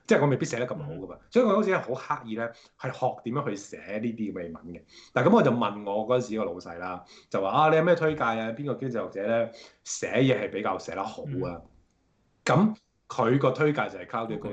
A: 即係、就是、我未必寫得咁好噶嘛。所以我嗰陣時係好刻意咧，係學點樣去寫呢啲咁嘅文嘅。但係咁我就問我嗰陣時個老細啦，就話啊，你有咩推介啊？邊個經濟學者咧寫嘢係比較寫得好啊？咁佢個推介就係靠呢個。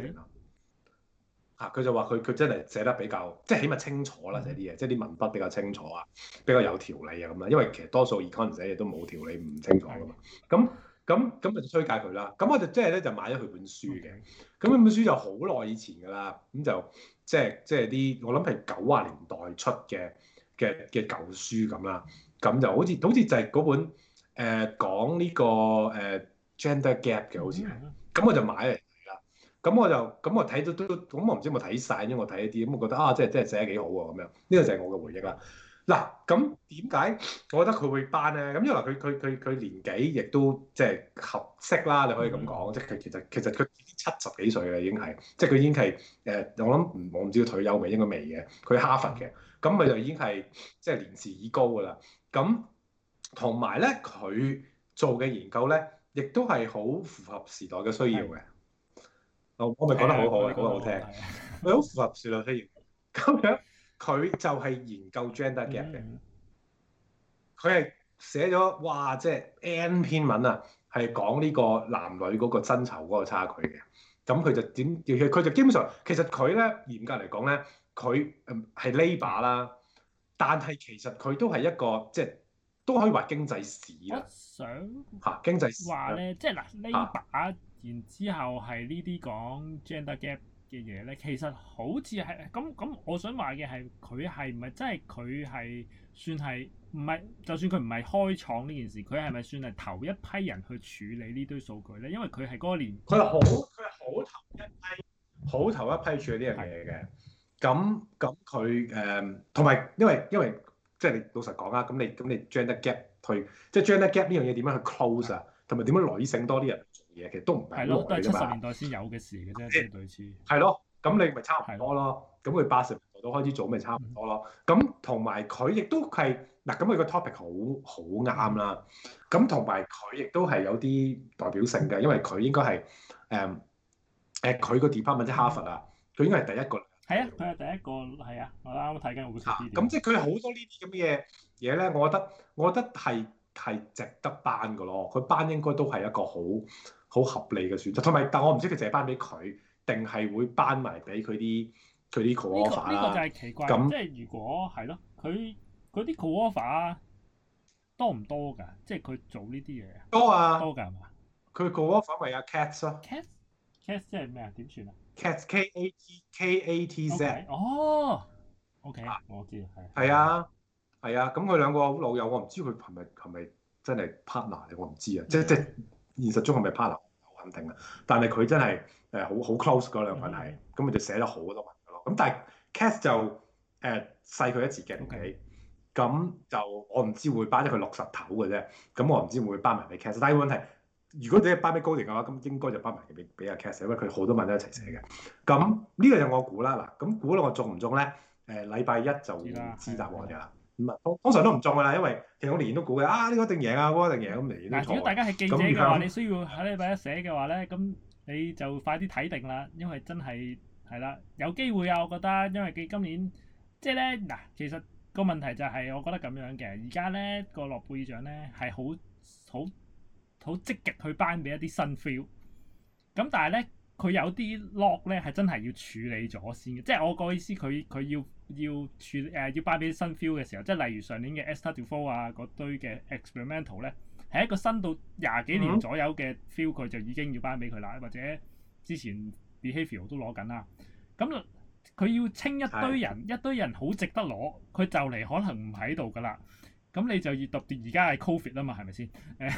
A: 啊！佢就話佢佢真係寫得比較即係、就是、起碼清楚啦，寫啲嘢，即係啲文筆比較清楚啊，比較有條理啊咁啦。因為其實多數 econ 寫嘢都冇條理，唔清楚噶嘛。咁咁咁就推介佢啦。咁我就即係咧就買咗佢本書嘅。咁咁 Okay. 本書就好耐以前噶啦，咁就即係即係啲我諗係九十年代出嘅嘅嘅舊書咁啦。咁就好似好似就係嗰本誒講呢個誒 gender gap 嘅，好似咁、呃這個呃、我就買嚟。咁我就咁我睇到都，咁我唔知有冇睇晒，因為我睇一啲咁，我覺得啊，即係即係寫得幾好喎咁樣。呢個就係我嘅回憶啦。嗱，咁點解我覺得佢會班咧？咁因為佢佢佢佢年紀亦都即係合適啦。你可以咁講，嗯、即係其實其實佢七十幾歲啦，已經係即係佢已經係誒。我諗我唔知道退休未，應該未嘅。佢哈佛嘅，咁佢就已經係即係年事已高噶啦。咁同埋咧，佢做嘅研究咧，亦都係好符合時代嘅需要嘅。我咪講得好好，講得、嗯、好聽，咪、嗯、好 符合事實。譬如咁樣，佢就係研究 gender gap 嘅、嗯，佢係寫咗哇，即、就、係、是、N 篇文啊，係講呢個男女嗰個薪酬嗰個差距嘅。咁佢就點？而佢就基本上，其實佢咧嚴格嚟講咧，佢係 labour 啦，但係其實佢都係一個即係、就是、都可以話經濟史啦。我想嚇經濟史話咧，
B: 即係嗱 labour。然之後係呢啲講 gender gap 嘅嘢咧，其實好似係咁咁，我想話嘅係佢係唔係真係佢係算係唔係？就算佢唔係開創呢件事，佢係咪算係頭一批人去處理數呢堆數據咧？因為佢係嗰個年，
A: 佢係好，佢係好頭一批，好頭一批處理呢樣嘢嘅。咁咁佢誒同埋，因為因為即係你老實講啦，咁你咁你 gender gap 佢即係 gender gap 呢樣嘢點樣去 close 啊的？同埋點樣女性多啲人？嘢其實都唔係耐啫嘛，七十年
B: 代先有嘅事嘅啫。即類似係
A: 咯，咁次你咪差唔多咯。咁佢八十年代都開始做，咪差唔多咯。咁同埋佢亦都係嗱，咁佢個 topic 好好啱啦。咁同埋佢亦都係有啲代表性嘅，因為佢應該係誒誒，佢、嗯、個 department 即哈佛啊，佢的應該係第，第一個。係啊，
B: 佢係第一個係啊，我啱啱睇緊。嚇！咁即係佢好
A: 多呢啲咁嘅嘢咧，我覺得我覺得係係值得班嘅咯。佢班應該都係一個好。好合理嘅選擇，同埋但我唔知佢凈係頒俾佢，定係會頒埋俾佢啲佢啲 cover 呢個就係奇
B: 怪，咁那即係如果係咯，佢啲 cover 多唔多㗎？即係佢做呢啲嘢多啊，多㗎嘛？佢
A: cover 咪有 Katz 咯？Katz Katz 即係咩啊？點算啊？Katz K A T K A T Z okay, 哦，OK 我知係係啊係啊，咁佢兩個老友，我唔知佢係咪係咪真係 partner 嚟，嗯、我唔知啊，即、就、即、是。 現實中係咪 partner？好肯定啊，但係佢真係誒好好 close 嗰兩份係，咁佢、嗯、就寫咗好多文咯。咁但係 cast 就誒、呃、細佢一截嘅，OK。咁就我唔知會巴咗佢六十頭嘅啫。咁我唔知會唔會巴埋俾 cast。但係問題是，如果你係巴俾高迪嘅話，咁應該就巴埋俾俾阿 cast 寫，因為佢好多文都一齊寫嘅。咁呢個就我估啦。嗱，咁估到我中唔中咧？誒、呃，禮拜一就唔知答案啦。嗯嗯。唔係，通常都唔中噶啦，因為其實我年都估嘅啊，呢個一定贏啊，嗰個一定贏咁嚟。嗱，如果大家係記者嘅話，你
B: 需要喺呢個禮拜一寫嘅話咧，咁你就快啲睇定啦，因為真係係啦，有機會啊，我覺得，因為佢今年即係咧嗱，其實個問題就係我覺得咁樣嘅，而家咧個諾貝爾獎咧係好好好積極去頒俾一啲新 feel，咁但係咧佢有啲 lock 咧係真係要處理咗先嘅，即係我個意思，佢佢要。要處誒、呃、要頒俾啲新 feel 嘅時候，即係例如上年嘅、e、Esther Duflo 啊，嗰堆嘅 experimental 咧，係一個新到廿幾年左右嘅 feel，佢就已經要頒俾佢啦，或者之前 behavioral 都攞緊啦。咁佢要清一堆人，的一堆人好值得攞，佢就嚟可能唔喺度噶啦。咁你就要特別，而家係 COVID 啊嘛，係咪先？誒，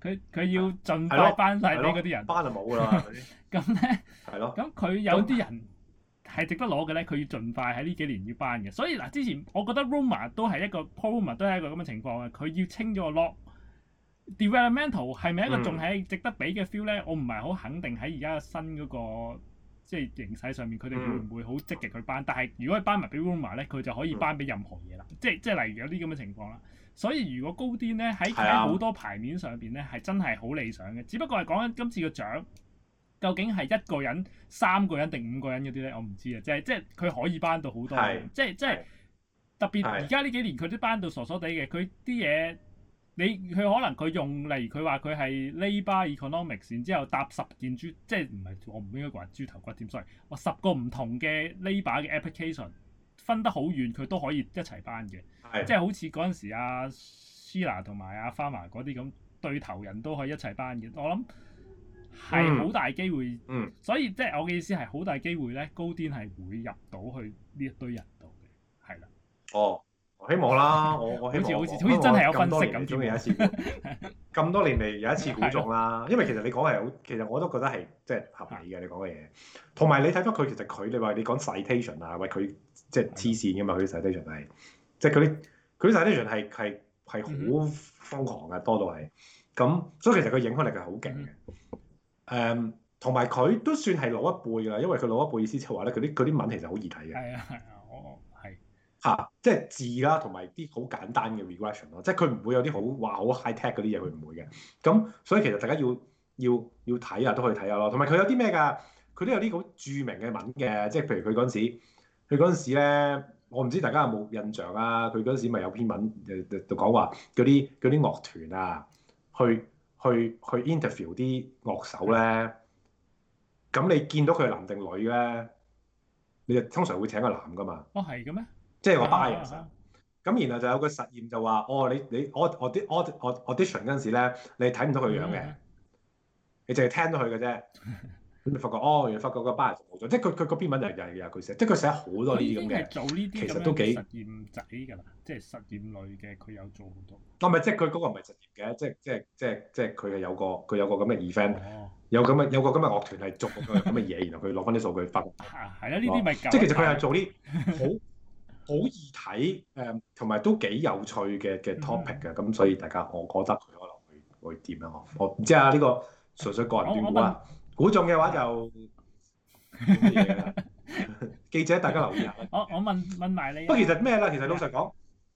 B: 佢佢要盡快班晒俾嗰啲人，班就冇噶啦。咁咧，係咯 呢，咁佢的有啲人，係值得攞嘅咧，佢要盡快喺呢幾年要頒嘅。所以嗱，之前我覺得 Rumor 都係一個 Rumor 都係一個咁嘅情況啊。佢要清咗個 lock，developmental 係咪一個仲係值得俾嘅 feel 咧？嗯、我唔係好肯定喺而家新嗰、嗰個即係、即係、形勢上面，佢哋會唔會好積極去頒？嗯、但係如果係頒埋俾 Rumor 咧，佢就可以頒俾任何嘢啦、嗯。即係即係例如有啲咁嘅情況啦。所以如果高啲咧，喺喺好多牌面上邊咧，係真係好理想嘅，的只不過係講緊今次嘅獎。究竟係一個人、三個人定五個人嗰啲咧？我唔知啊，即係即係佢可以班到好多，是的 即係即係特別而家呢幾年佢都班到傻傻地嘅。佢啲嘢你佢可能佢用例如佢話佢係 labor economics，然之後搭十件豬，即係唔係我唔應該話豬頭骨點 Sorry，我十個唔同嘅 labor 嘅 application 分得好遠，佢都可以一齊班嘅，是的 即係好似嗰陣時阿 Shiller 同埋阿 Fama 嗰啲咁對頭人都可以一齊班嘅。我諗。係好大機會，嗯，所以即係我嘅意思係好大機會咧，高端係會入到去呢一堆人度嘅，係啦。
A: 哦，我希望啦，我我希望，好似好似好似真係有分析咁。咁多年嚟有一次，咁多年嚟有一次估中啦。因為其實你講係好，其實我都覺得係即係合理嘅，你講嘅嘢。同埋你睇翻佢，其實佢你話你講 citation 啊，喂，佢即係黐線嘅嘛，佢 citation 係，即係佢佢啲 citation 係係係好瘋狂嘅，多到係咁，所以其實佢影響力係好勁嘅。誒，同埋佢都算係老一輩啦，因為佢老一輩的意思即係話咧，佢啲啲文其實好易睇嘅。係啊係啊，我係嚇，即係字啦，同埋啲好簡單嘅 regression 咯，即係佢唔會有啲好話好 high tech 嗰啲嘢，佢唔會嘅。咁所以其實大家要要要睇下都可以睇下咯。同埋佢有啲咩㗎？佢都有啲好著名嘅文嘅，即係譬如佢嗰陣時，佢嗰陣時咧，我唔知大家有冇印象啊？佢嗰陣時咪有篇文就、呃呃呃呃呃、講話嗰啲啲樂團啊，去。去去 interview 啲樂手咧，咁你見到佢男定女咧，你就通常會請個男噶嘛？
B: 哦係嘅
A: 咩？即係我 bias 咁，然後就有個實驗就話：哦，你你我我啲我我我 audition 嗰陣時咧，你睇唔到佢樣嘅，嗯、你淨係聽到佢嘅啫。 你發覺哦，原來發覺個 bias 無咗，即係佢佢個篇文又又係佢寫，即係佢寫好多呢啲咁嘅。做呢啲其實都幾實驗仔㗎喇，即係實驗
B: 類嘅，佢有做
A: 好多。啊，咪即係佢嗰個唔係實驗嘅，即係即係即係即係佢係有個佢有個咁嘅 event，有咁嘅有個咁嘅樂團係做咁嘅嘢，然後佢攞翻啲數據發覺。係啊，呢啲咪即係其實佢係做啲好好易睇誒，同、嗯、埋都幾有趣嘅嘅 topic 嘅，咁、嗯、所以大家我覺得佢可能會會點啊？我唔知啊，呢個純粹個人估啊。哦估中嘅話就唔 記者，大家留意下
B: 我。我我問問埋你。不過其實
A: 咩啦，其實老實講，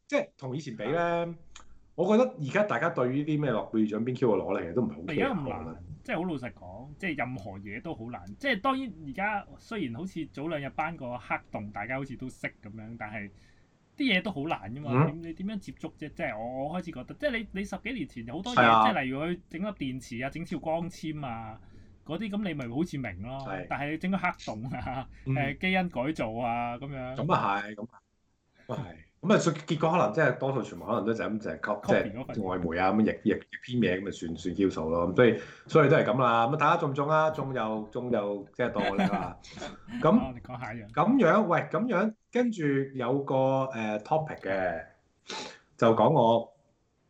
A: 即係同以前比咧， 我覺得而家大家對於啲咩諾貝爾獎邊 Q 區攞嚟，其 都唔係好。而家咁難，即
B: 係好老實講，即係任何嘢都好難。即係當然，而家雖然好似早兩日班個黑洞，大家好似都識咁樣，但係啲嘢都好難㗎嘛。點、嗯、你點樣接觸啫？即、就、係、是、我，我開始覺得，即係你你十幾年前有好多嘢，即係、啊、例如去整粒電池啊，整條光纖啊。嗰啲咁你咪好似明咯，是但係整啲黑洞啊，誒、嗯、
A: 基因改造啊咁樣。咁啊係，咁都係。咁、嗯、啊，所、嗯嗯、結果可能即係多數全部可能都就係、是、咁，就係即係外媒啊咁，亦亦篇名咁啊算算叫數咯。咁所以所以都係咁啦。咁大家中唔中啊？中又中又，即係多你、呃、啦。咁我哋
B: 講下
A: 一樣。咁樣喂，咁樣跟住有個誒 topic 嘅，就講我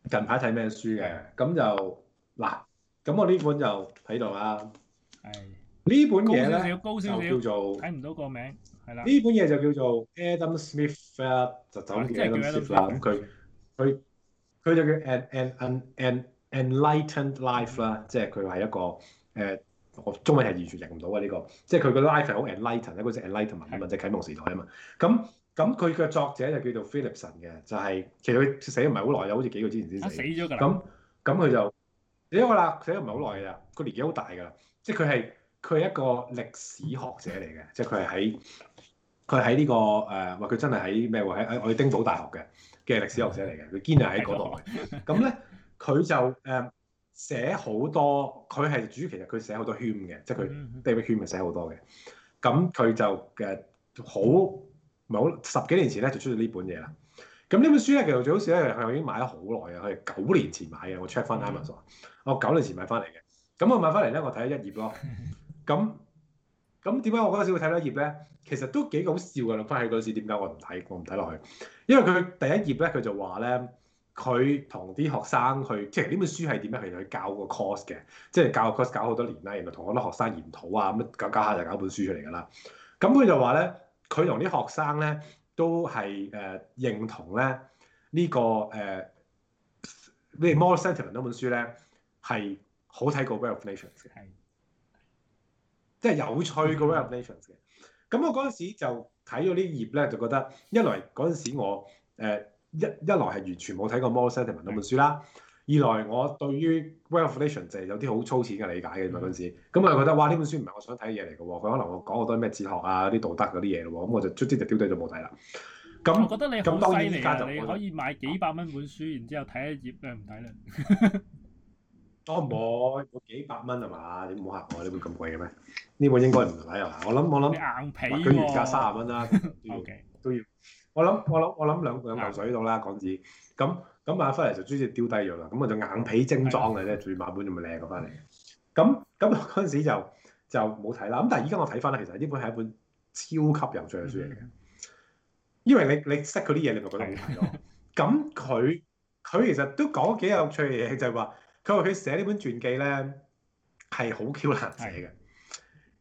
A: 近排睇咩書嘅。咁就嗱，咁我呢本就喺度啊。係呢本嘢咧，就叫做睇
B: 唔到個名
A: 係啦。呢本嘢就叫做 Adam Smith，就走咗。即係叫 Adam Smith 啦。咁佢佢佢就叫 An An An An Enlightened Life 啦。即係佢係一個誒，我中文係完全認唔到啊。呢個即係佢個 life 係好 enlightened 咧，嗰隻 enlightenment 即係啓蒙時代啊嘛。咁咁佢嘅作者就叫做 Philipson 嘅，就係其實佢死咗唔係好耐嘅，好似幾個月之前先死咗噶啦。咁咁佢就死咗啦，死咗唔係好耐噶，個年紀好大噶啦。即係佢係佢係一個歷史學者嚟嘅，即係佢係喺佢喺呢個誒，話、呃、佢真係喺咩喎？喺愛丁堡大學嘅嘅歷史學者嚟嘅，佢堅係喺嗰度咁咧，佢就誒寫好多，佢係主其實佢寫好多圈嘅， 即係佢 demographic 圈咪 p 寫好多嘅。咁佢就其實好十幾年前咧就出咗呢本嘢啦。咁呢本書咧，其實最好笑咧，佢已經買咗好耐啊，佢係九年前買嘅，我 check 翻 Amazon 我九年前買翻嚟嘅。咁我買翻嚟咧，我睇咗一頁咯。咁咁點解我嗰陣時會睇到一頁咧？其實都幾好笑噶。諗翻起嗰陣時，點解我唔睇？我唔睇落去，因為佢第一頁咧，佢就話咧，佢同啲學生去，即係呢本書係點咧？係佢教個 course 嘅，即係教個 course 搞好多年啦。然後同好多學生研討啊，咁搞搞下就搞本書出嚟噶啦。咁佢就話咧，佢同啲學生咧都係誒、呃、認同咧呢、呢個誒，你、呃、Moral Sentiment 嗰本書咧係。好睇過 Wealth of Nations 嘅，係的，即係有趣過 Wealth of Nations 嘅。咁、嗯、我嗰陣時就睇咗啲頁咧，就覺得一來嗰陣時我誒、呃、一一來係完全冇睇過 Moral Sentiments 本書啦，的二來我對於 Wealth of Nations 就係有啲好粗淺嘅理解嘅嗰陣時，咁啊覺得哇呢本書唔係我想睇嘅嘢嚟嘅喎，佢可能我講好多咩哲學啊、啲道德嗰啲嘢咯喎，咁我就卒之就丟低就冇睇啦。咁、嗯，我覺得你好犀利啊！你可
B: 以買幾百蚊本書，然之後睇一頁咧，唔睇啦。
A: 唔冇，我、哦、幾百蚊係嘛？你唔好嚇我，呢本咁貴嘅咩？呢本應該唔貴啊！我諗我諗，硬皮喎。佢原價卅蚊啦， Okay. 都要我諗我諗我諗兩 兩嚿水到啦港紙。咁咁買翻嚟就直接丟低咗啦。咁我就硬皮精裝嘅啫，最 買本仲咪靚過翻嚟。咁咁嗰陣時就就冇睇啦。咁但係而家我睇翻咧，其實呢本係一本超級有趣嘅書嚟嘅。 因為你你識嗰啲嘢，你咪覺得係咯。咁佢佢其實都講幾有趣嘅嘢，就係、是、話。佢話佢寫呢本傳記咧係好 Q 難寫嘅，的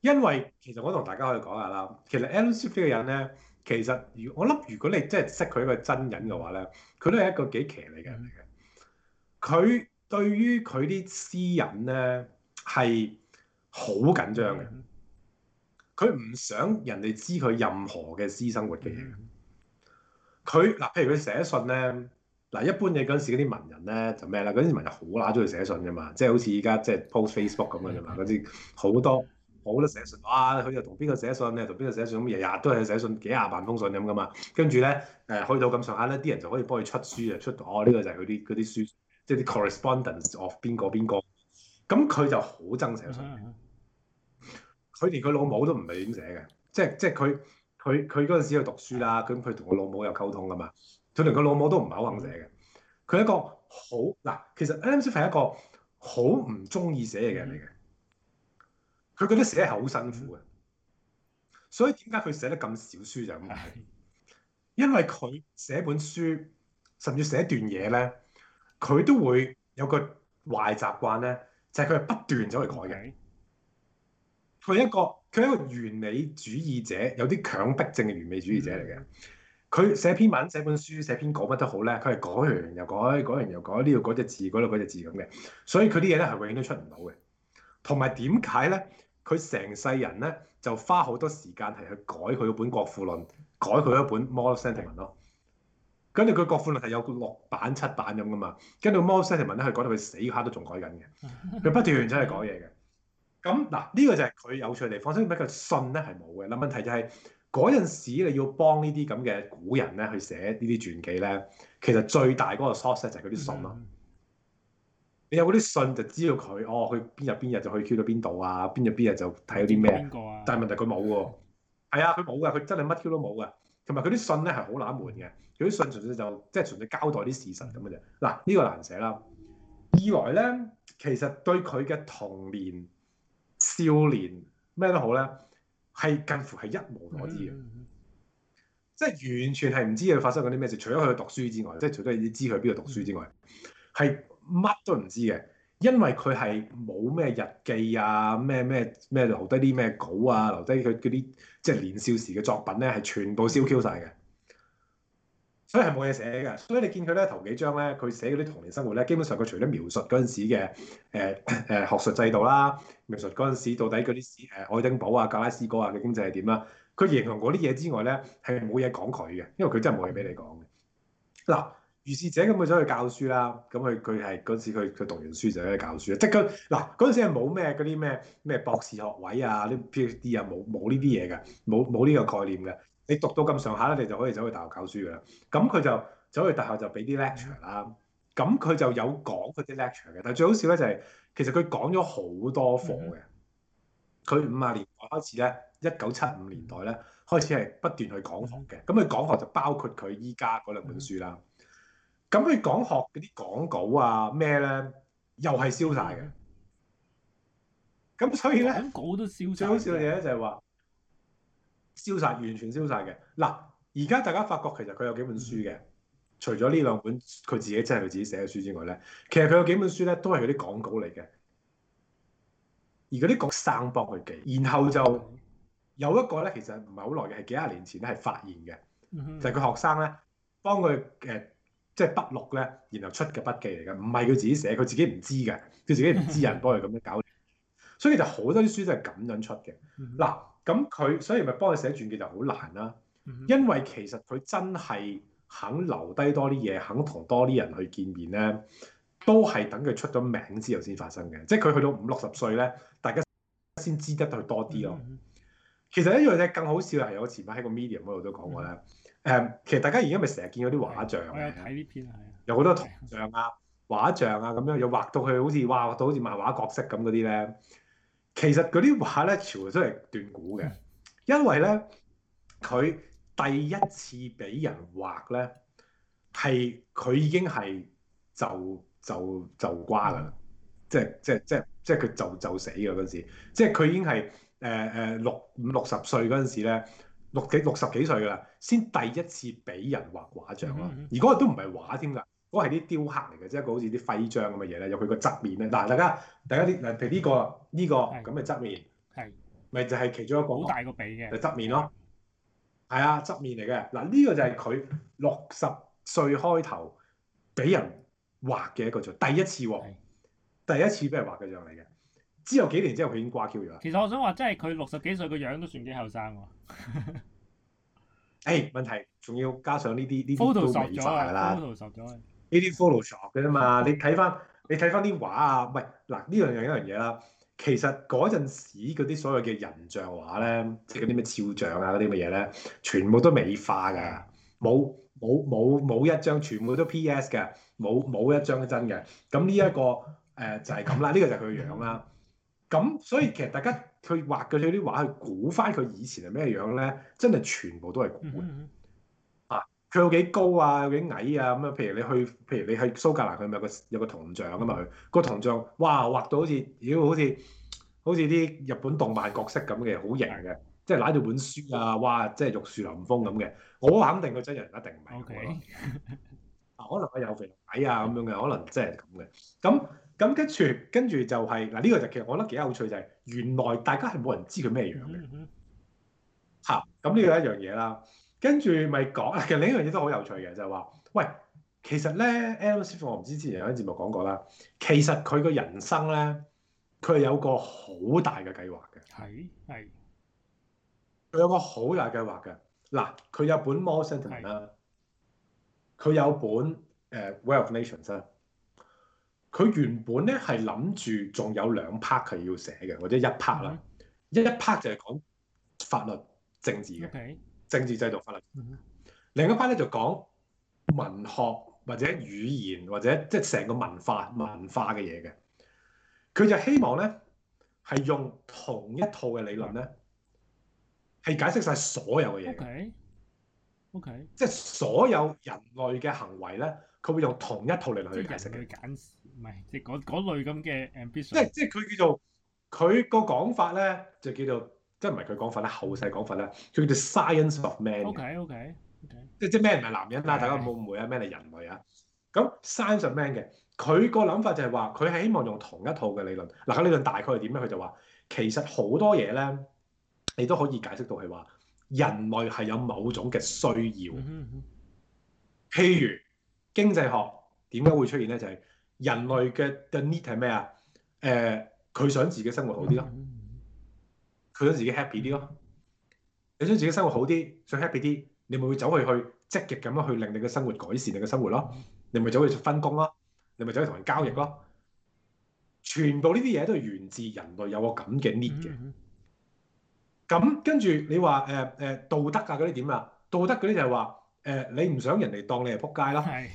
A: 因為其實我同大家可以講下啦，其實 Adam Smith 呢個人咧，其實如我諗，如果你真係識佢一個真人嘅話咧，佢都係一個幾騎嚟嘅人嚟嘅。佢對於佢啲私隱咧係好緊張嘅，佢唔想人哋知佢任何嘅私生活嘅嘢。佢，嗱，譬如佢寫信咧。嗱，一般嘢嗰陣時嗰啲文人咧就咩咧？嗰陣文人好乸中意寫信噶嘛，即係好似依家即係 post Facebook 咁樣啫嘛。嗰啲好多好多寫信，哇！佢又同邊個寫信，你同邊個寫信，日日都係寫信幾廿萬封信咁噶嘛。跟住咧，誒去到咁上下咧，啲人就可以幫佢出書啊，出到哦，呢個就係佢啲啲書，即係啲 correspondence of 邊個邊個。咁佢就好憎寫信，佢連佢老母都唔係點寫嘅，即係即係佢佢佢嗰陣時有讀書啦，咁佢同佢老母有溝通噶嘛。佢連個老母都唔係好肯寫嘅。佢一個好，嗱，其實 Alex 係一個好唔中意寫嘢嘅人嚟嘅。佢覺得寫係好辛苦嘅，所以點解佢寫得咁少書就咁？的因為佢寫本書，甚至寫段嘢咧，佢都會有個壞習慣咧，就係佢係不斷走去改嘅。佢的一個佢係一個完美主義者，有啲強迫症嘅完美主義者嚟嘅。嗯佢寫篇文、寫本書、寫篇講乜都好咧，佢係改完又改，改完又改，呢度嗰隻字，嗰度嗰隻字咁嘅，所以佢啲嘢咧係永遠都出唔到嘅。同埋點解咧？佢成世人咧就花好多時間係去改佢嗰本，本《國富論》，改佢嗰本《Moral Sentiments》咯。跟住佢《國富論》係有六版七版咁噶嘛，跟住《Moral Sentiments》咧佢改到佢死下都仲改緊嘅，佢不斷真係改嘢嘅。咁嗱呢個就係佢有趣嘅地方。所以畀佢信咧係冇嘅？嗱，問題就係、是。嗰陣時，你要幫呢啲咁嘅古人咧去寫呢啲傳記咧，其實最大嗰個 source 就係嗰啲信咯。Mm hmm. 你有嗰啲信就知道佢，哦，佢邊日邊日就去 Q 到邊度啊，邊日邊日就睇到啲咩？啊、但係問題佢冇喎，係啊、mm，佢冇噶，佢真係乜 Q 都冇噶。同埋佢啲信咧係好冷門嘅，佢啲信純粹就即係、就係、純粹交代啲事實咁嘅啫。嗱、啊，呢、呢個難寫啦。二來咧，其實對佢嘅童年、少年咩都好咧。係近乎係一無所知嘅，hmm. 即係完全係唔知佢發生緊啲咩事，除咗佢讀書之外，即係除咗你知佢邊度讀書之外，mm，係、hmm. 乜都唔知嘅，因為佢係冇咩日記啊，咩咩咩留低啲咩稿啊，留低佢啲即係年少時嘅作品咧，係全部燒 Q 晒嘅。Hmm. 所以係冇嘢寫嘅，所以你見佢咧頭幾章咧，佢寫嗰啲童年生活咧，基本上佢除咗描述嗰陣時嘅誒誒學術制度啦，描述嗰陣時到底嗰啲斯誒愛丁堡啊、格拉斯哥啊嘅經濟係點啦，佢形容嗰啲嘢之外咧，係冇嘢講佢嘅，因為佢真係冇嘢俾你講嘅。嗱，如是者咁佢走去教書啦，咁佢佢係嗰陣時佢佢讀完書就喺度教書，即係佢嗱嗰陣時係冇咩嗰啲咩咩博士學位啊、啲 PhD 啊，冇冇呢啲嘢嘅，冇冇呢個概念嘅。你讀到咁上下咧，你就可以走去大學教書嘅啦。咁佢就走去大學就俾啲 lecture 啦。咁佢、嗯、就有講佢啲 lecture 嘅，但係最好笑咧就係，其實佢講咗好多課嘅。佢五十年代呢、嗯、開始咧，一九七五年代咧開始係不斷去講學嘅。咁佢、嗯、講學就包括佢依家嗰兩本書啦。咁佢、嗯、講學嗰啲講稿啊咩咧，又係燒晒嘅。咁所以咧，講稿都燒晒。最好笑嘅嘢就係、是、話。消曬，完全消曬嘅。嗱，而家大家發覺其實佢有幾本書嘅，mm hmm. 除咗呢兩本佢自己真係佢自己寫嘅書之外咧，其實佢有幾本書咧都係佢啲講稿嚟嘅，而嗰啲學生幫佢記。然後就有一個咧，其實唔係好耐嘅，係幾廿年前咧係發現嘅、mm hmm.，就係佢學生咧幫佢誒即係筆錄咧，然後出嘅筆記嚟嘅，唔係佢自己寫，佢自己唔知嘅，佢自己唔知有人幫佢咁樣搞。Mm hmm. 所以就好多啲書都係咁樣出嘅。嗱、mm。Hmm. 咁佢所以咪幫佢寫傳記就好難啦、啊，嗯、哼因為其實佢真係肯留低多啲嘢，肯同多啲人去見面咧，都係等佢出咗名之後先發生嘅。即係佢去到五六十歲咧，大家先知得佢多啲咯、啊。嗯、哼其實一樣嘢更好笑係，我前排喺個 medium 度都講過咧。誒，其實大家而家咪成日見到啲畫像，我有睇呢片，有好多銅像啊、對畫像啊咁樣，又畫到佢好似哇，畫到好似漫畫角色咁嗰啲咧。其實嗰啲畫咧，全部都係斷估嘅，嗯、因為咧佢第一次俾人畫咧，係佢已經係就就就，就瓜㗎啦、嗯，即係即係即係即係佢就就死嘅嗰陣時，即係佢已經係、呃、六五六十歲嗰陣時咧，六幾六十幾歲噶啦，先第一次俾人畫畫像咯，嗯嗯而嗰個都唔係畫添㗎。嗰係啲雕刻嚟嘅，即係一個好似啲徽章咁嘅嘢咧，有佢個側面咧。嗱，大家大家啲嗱，譬如呢、這個呢、嗯這個咁嘅、這個、是側面，係咪是就係其中一個好大個鼻嘅？就側面咯，係啊的，側面嚟嘅。嗱呢、這個就係佢六十歲開頭俾人畫嘅一個像，第一次喎，的第一次俾人畫嘅像嚟嘅。之後幾年之後，佢已經掛 Q 咗。其
B: 實我想話，即係佢六十幾歲個樣都算幾後生。誒、
A: 哎，問題仲要加上呢啲呢啲都衰咗啦，都衰咗。呢啲 Photoshop 嘅啫嘛，你睇翻你睇翻啲畫啊，喂，嗱呢樣樣一樣嘢啦。其實嗰陣時嗰啲所謂嘅人像畫咧，即係啲咩肖像啊嗰啲乜嘢咧，全部都美化㗎，冇冇冇冇一張全部都 PS 㗎，冇冇一張真嘅。咁呢一個誒就係咁啦，呢個就係佢嘅樣啦。咁、這個、所以其實大家佢畫嗰啲畫去估翻佢以前係咩樣咧，真係全部都係估。佢有幾高啊？有幾矮啊？咁樣，譬如你去，譬如你去蘇格蘭，佢咪有個有個銅像啊嘛？佢個銅像，哇，畫到好似，妖好似好似啲日本動漫角色咁嘅，好型嘅，即係拿住本書啊，哇，即係玉樹臨風咁嘅。我肯定佢真人一定唔係佢咯。Okay. 啊，可能佢有肥矮啊咁樣嘅，可能即係咁嘅。咁咁跟住跟住就係、是、嗱，呢、這個就其實我覺得幾有趣的就係、是，原來大家係冇人知佢咩樣
B: 嘅。
A: 吓、mm，咁、hmm. 呢、啊、個一樣嘢啦。跟住咪講，其實另一樣嘢都好有趣嘅，就係、是、話，喂，其實咧，Elon Sir，我唔知之前有啲節目講過啦。其實佢個人生咧，佢有個好大嘅計劃嘅。係係，佢有個好大嘅計劃嘅。嗱，佢有本 Moral Sentiments 啦，佢有本誒、uh, Wealth of Nations 啦。佢原本咧係諗住仲有兩 part 佢要寫嘅，或者一 part 啦。的一一 part 就係講法律政治嘅。Okay。政治制度法律，另一班咧就講文學或者語言或者即係成個文化文化嘅嘢嘅，佢就希望咧係用同一套嘅理論咧係解釋晒所有嘅嘢。
B: OK，即
A: 係所有人類嘅行為咧，佢會用同一套理論去解釋嘅。唔係即係嗰類咁嘅即係即係佢叫做佢個講法咧，就叫做。即係唔係佢講法咧？後世講法咧，佢叫 the science of man。O K O K 即係即係咩唔係男人啦？大家冇誤會啊，咩係人類啊？咁 science of man 嘅佢個諗法就係話，佢係希望用同一套嘅理論。嗱、啊，咁呢個大概係點咧？佢就話其實好多嘢咧，你都可以解釋到係話人類係有某種嘅需要。譬如經濟學點解會出現咧？就係、是、人類嘅嘅 need 係咩啊？誒、呃，佢想自己生活好啲咯。想自己 happy 啲咯，你想自己生活好啲，想 happy 啲，你咪會走去去積極咁樣去令你嘅生活改善你嘅生活咯，你咪走去分工咯，你咪走去同人交易咯，全部呢啲嘢都係源自人類有個咁嘅 need 嘅。咁、嗯嗯嗯、跟住你話誒誒道德啊嗰啲點啊？道德嗰啲就係話誒你唔想人哋當你係仆街咯，係是，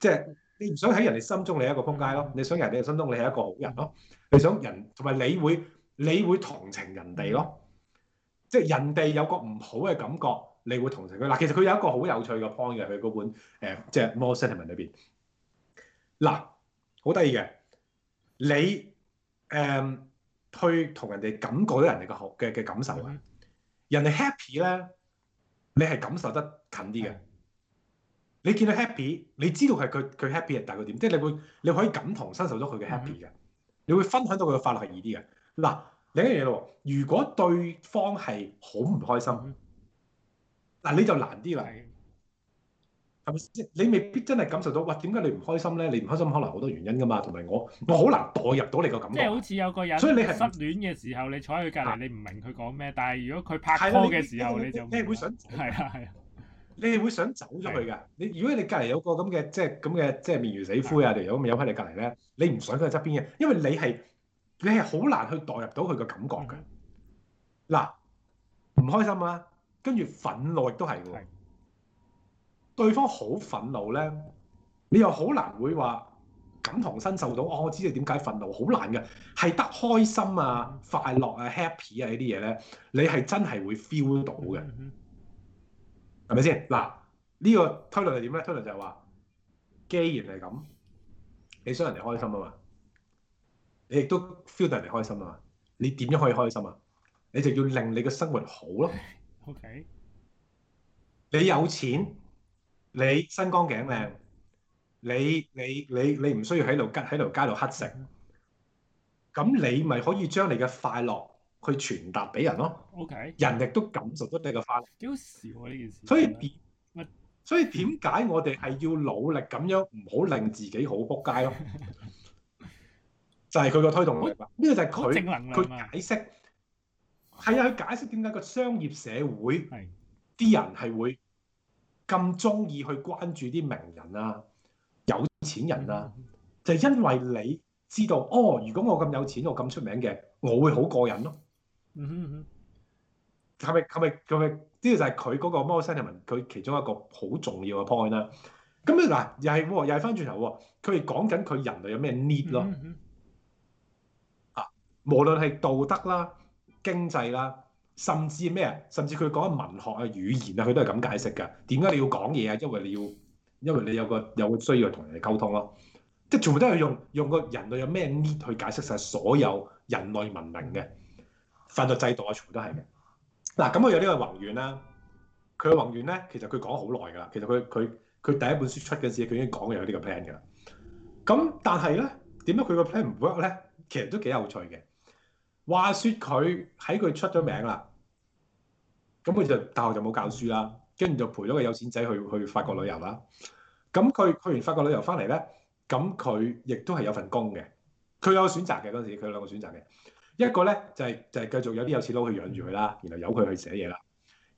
A: 即係你唔想喺人哋心中你係一個仆街咯，你想人哋心中你係一個好人咯，嗯、你想人同埋你會。你會同情人哋咯，嗯、即係人哋有個唔好嘅感覺，你會同情佢嗱。其實佢有一個好有趣嘅 point 係佢嗰本誒、呃、即係 Moral Sentiments 裏邊嗱，好得意嘅，你誒、呃、去同人哋感覺到人哋嘅好嘅嘅感受啊，嗯、人哋 happy 咧，嗯、你係感受得近啲嘅，嗯、你見到 happy，你知道係佢佢 happy 係大概點，即係、嗯、你會你可以感同身受咗佢嘅 happy 嘅，嗯、你會分享到佢嘅快樂係易啲嘅。嗱，另一樣嘢咯。如果對方係好唔開心，嗱、嗯、你就難啲啦。係咪先？你未必真係感受到，哇，點解你唔開心咧？你唔開心可能好多原因噶嘛。同埋我，我好難代入到你個感覺。即係好
B: 似有個人，所以你係失戀嘅時候，你坐喺佢隔離，的你唔明佢講咩。但係如果佢拍拖嘅時候，你，你，你就你會想係啊係。
A: 你會想走咗佢㗎。你的如果你隔離有個咁嘅，即係咁嘅，即係面如死灰的啊，條友咁飲喺你隔離咧，你唔想佢喺側邊嘅，因為你係。你係好難去代入到佢嘅感覺嘅，嗱、mm，唔、hmm. 開心啊，跟住憤怒亦都係嘅。Mm hmm. 對方好憤怒咧，你又好難會話感同身受到。哦，我知你點解憤怒，好難嘅，係得開心啊、mm hmm. 快樂啊、happy 啊呢啲嘢咧，你係真係會 feel 到嘅，係咪先？嗱、hmm.，呢、呢個推論係點咧？推論就係話，既然係咁，你想人哋開心啊嘛。你亦都 feel 到人哋開心啊！你點樣可以開心啊？你就要令你嘅生活好咯。OK，你有錢，你身光頸靚，你你你你唔需要喺度喺條街度乞食。咁你咪可以將你嘅快樂去傳達俾人咯。OK，人亦都感受到你嘅快樂。幾好笑啊！呢件事。所以點？麼所以點解我哋係要努力咁樣唔好令自己好仆街咯？ 就係佢個推動，呢個就係佢佢解釋，係啊，佢解釋點解個商業社會啲的人係會咁中意去關注啲名人啊、有錢人啊，的就係因為你知道，哦，如果我咁有錢，我咁出名嘅，我會好過癮咯、啊。嗯哼嗯，係咪係咪係咪？呢個就係佢嗰個 motivation，佢其中一個好重要嘅 point 啦、啊。咁你嗱又係又係翻轉頭，佢哋講緊佢人類有咩 need 咯。無論係道德啦、經濟啦，甚至咩啊，甚至佢講嘅文學啊、語言啊，佢都係咁解釋㗎。點解你要講嘢啊？因為你要，因為你有個有個需要同人哋溝通咯。即係全部都係用用個人類有咩 need 去解釋晒所有人類文明嘅法律制度啊，全部都係嘅。嗱、啊，咁我有呢個宏願啦、啊。佢嘅宏願咧，其實佢講好耐㗎啦。其實佢佢佢第一本書出嘅陣佢已經講有呢個 plan 㗎啦。咁但係咧，點解佢個 plan 唔 work 咧？其實都幾有趣嘅。話說佢喺佢出咗名啦，咁佢就大學就冇教書啦，跟住就陪咗個有錢仔去去法國旅遊啦。咁佢去完法國旅遊翻嚟咧，咁佢亦都係有份工嘅。佢有選擇嘅嗰陣時，佢有兩個選擇嘅，一個咧就係、是、就係、是、繼續有啲有錢佬去養住佢啦，然後由佢去寫嘢啦。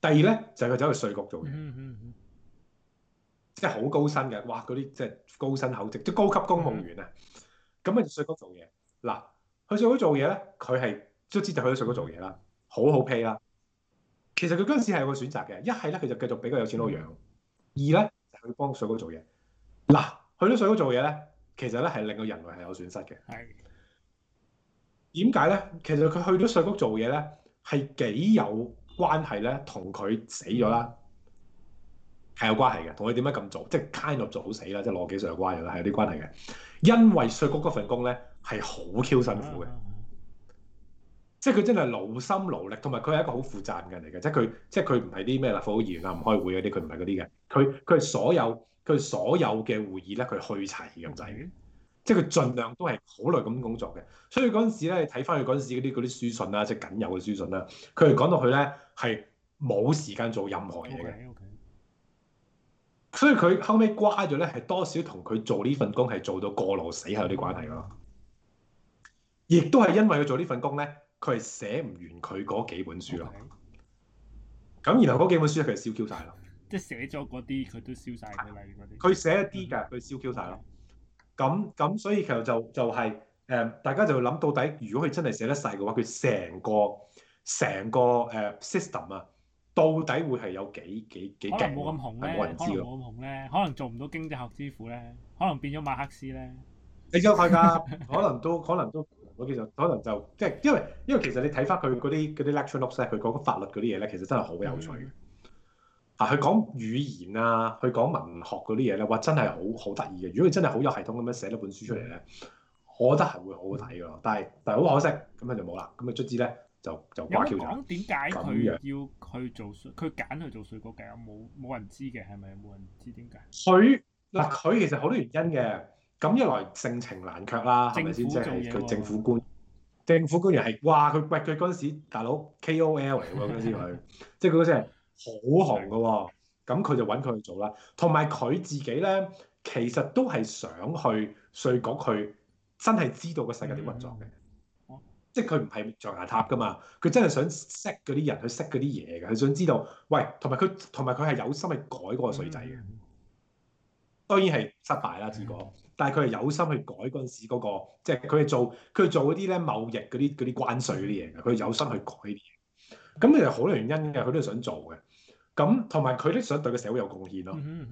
A: 第二咧就係佢走去稅局做嘢，即係好高薪嘅，哇！嗰啲即係高薪厚職，即係高級公務員啊。咁啊、嗯，稅局做嘢嗱，去稅局做嘢咧，佢係卒之就去咗稅局做嘢啦，好好 pay 啦。其實佢嗰陣時係有個選擇嘅，一係咧佢就繼續俾個有錢佬養，二咧去、就是、幫稅局做嘢。嗱，去咗稅局做嘢咧，其實咧係令到人類係有損失嘅。係的，點解咧？其實佢去咗稅局做嘢咧，係幾有關係咧，同佢死咗啦，係、嗯、有關係嘅。同佢點解咁做，即係 kind of 做好死啦，即係邏輯上有關係啦，係有啲關係嘅。因為稅局嗰份工咧。係好 Q 辛苦嘅 Yeah.，即係佢真係勞心勞力，同埋佢係一個好負責嘅人嚟嘅，即係佢，即係佢唔係啲咩立法會議員啊，唔開會嗰啲，佢唔係嗰啲嘅。佢佢所有佢所有嘅會議咧，佢去齊咁滯嘅，Okay. 即係佢盡量都係好耐咁工作嘅。所以嗰陣時咧，睇翻佢嗰陣時嗰啲嗰啲書信啦，啊，即係僅有嘅書信啦，啊，佢哋講到佢咧係冇時間做任何嘢嘅。Okay. Okay. 所以佢後尾瓜咗咧，係多少同佢做呢份工係做到過勞死有啲關係㗎咯。Okay. Okay. 亦都係因為佢做呢份工咧，佢係寫唔完佢嗰幾本書咯。咁然後嗰幾本書佢燒 Q 晒。咯。
B: 即係寫咗嗰啲佢都燒晒嘅啦。嗰啲
A: 佢寫一啲噶，佢燒 Q 晒咯。咁咁所以其實就就係誒，大家就諗到底，如果佢真係寫得晒嘅話，佢成個成個誒 system 啊，到底會係有幾幾幾勁？冇咁紅係冇人知咯。冇咁
B: 紅咧，可能做唔到經濟學之父咧，可能變咗馬克思咧。
A: 你而家睇下，可能都可能都。我其實可能就即係，因為因為其實你睇翻佢嗰啲啲 lectures 咧，佢講法律嗰啲嘢咧，其實真係好有趣嘅。的啊，佢講語言啊，佢講文學嗰啲嘢咧，哇，真係好好得意嘅。如果你真係好有系統咁樣寫咗本書出嚟咧，我覺得係會好好睇㗎喇。但係但係好可惜，咁樣就冇啦。咁啊，卒之咧就就拐橋
B: 點解佢要去做？佢揀樣去做，佢佢做水果計，冇冇人知嘅，係咪冇人知點解？
A: 佢嗱，佢其實好多原因嘅。咁一來性情難卻啦，係咪先？即係佢政府官、啊，是是就是、政府官員係話佢喂佢嗰陣時，大佬 K O L 嚟喎，嗰時佢，即係嗰陣時係好紅噶。咁佢就揾佢去做啦。同埋佢自己咧，其實都係想去稅局去，真係知道個世界點運作
B: 嘅。
A: 即係佢唔係象牙塔噶嘛，佢真係想識嗰啲人，去識嗰啲嘢嘅，佢想知道。喂，同埋佢同埋佢係有心去改嗰個稅制嘅。嗯嗯。當然係失敗啦，結果。但係佢係有心去改嗰陣時嗰、嗰個，即係佢做佢係做嗰啲咧貿易嗰啲啲關稅嗰啲嘢嘅，佢有心去改呢啲嘢。咁其實好多原因嘅，佢都係想做嘅。咁同埋佢都想對個社會有貢獻咯。嚇、嗯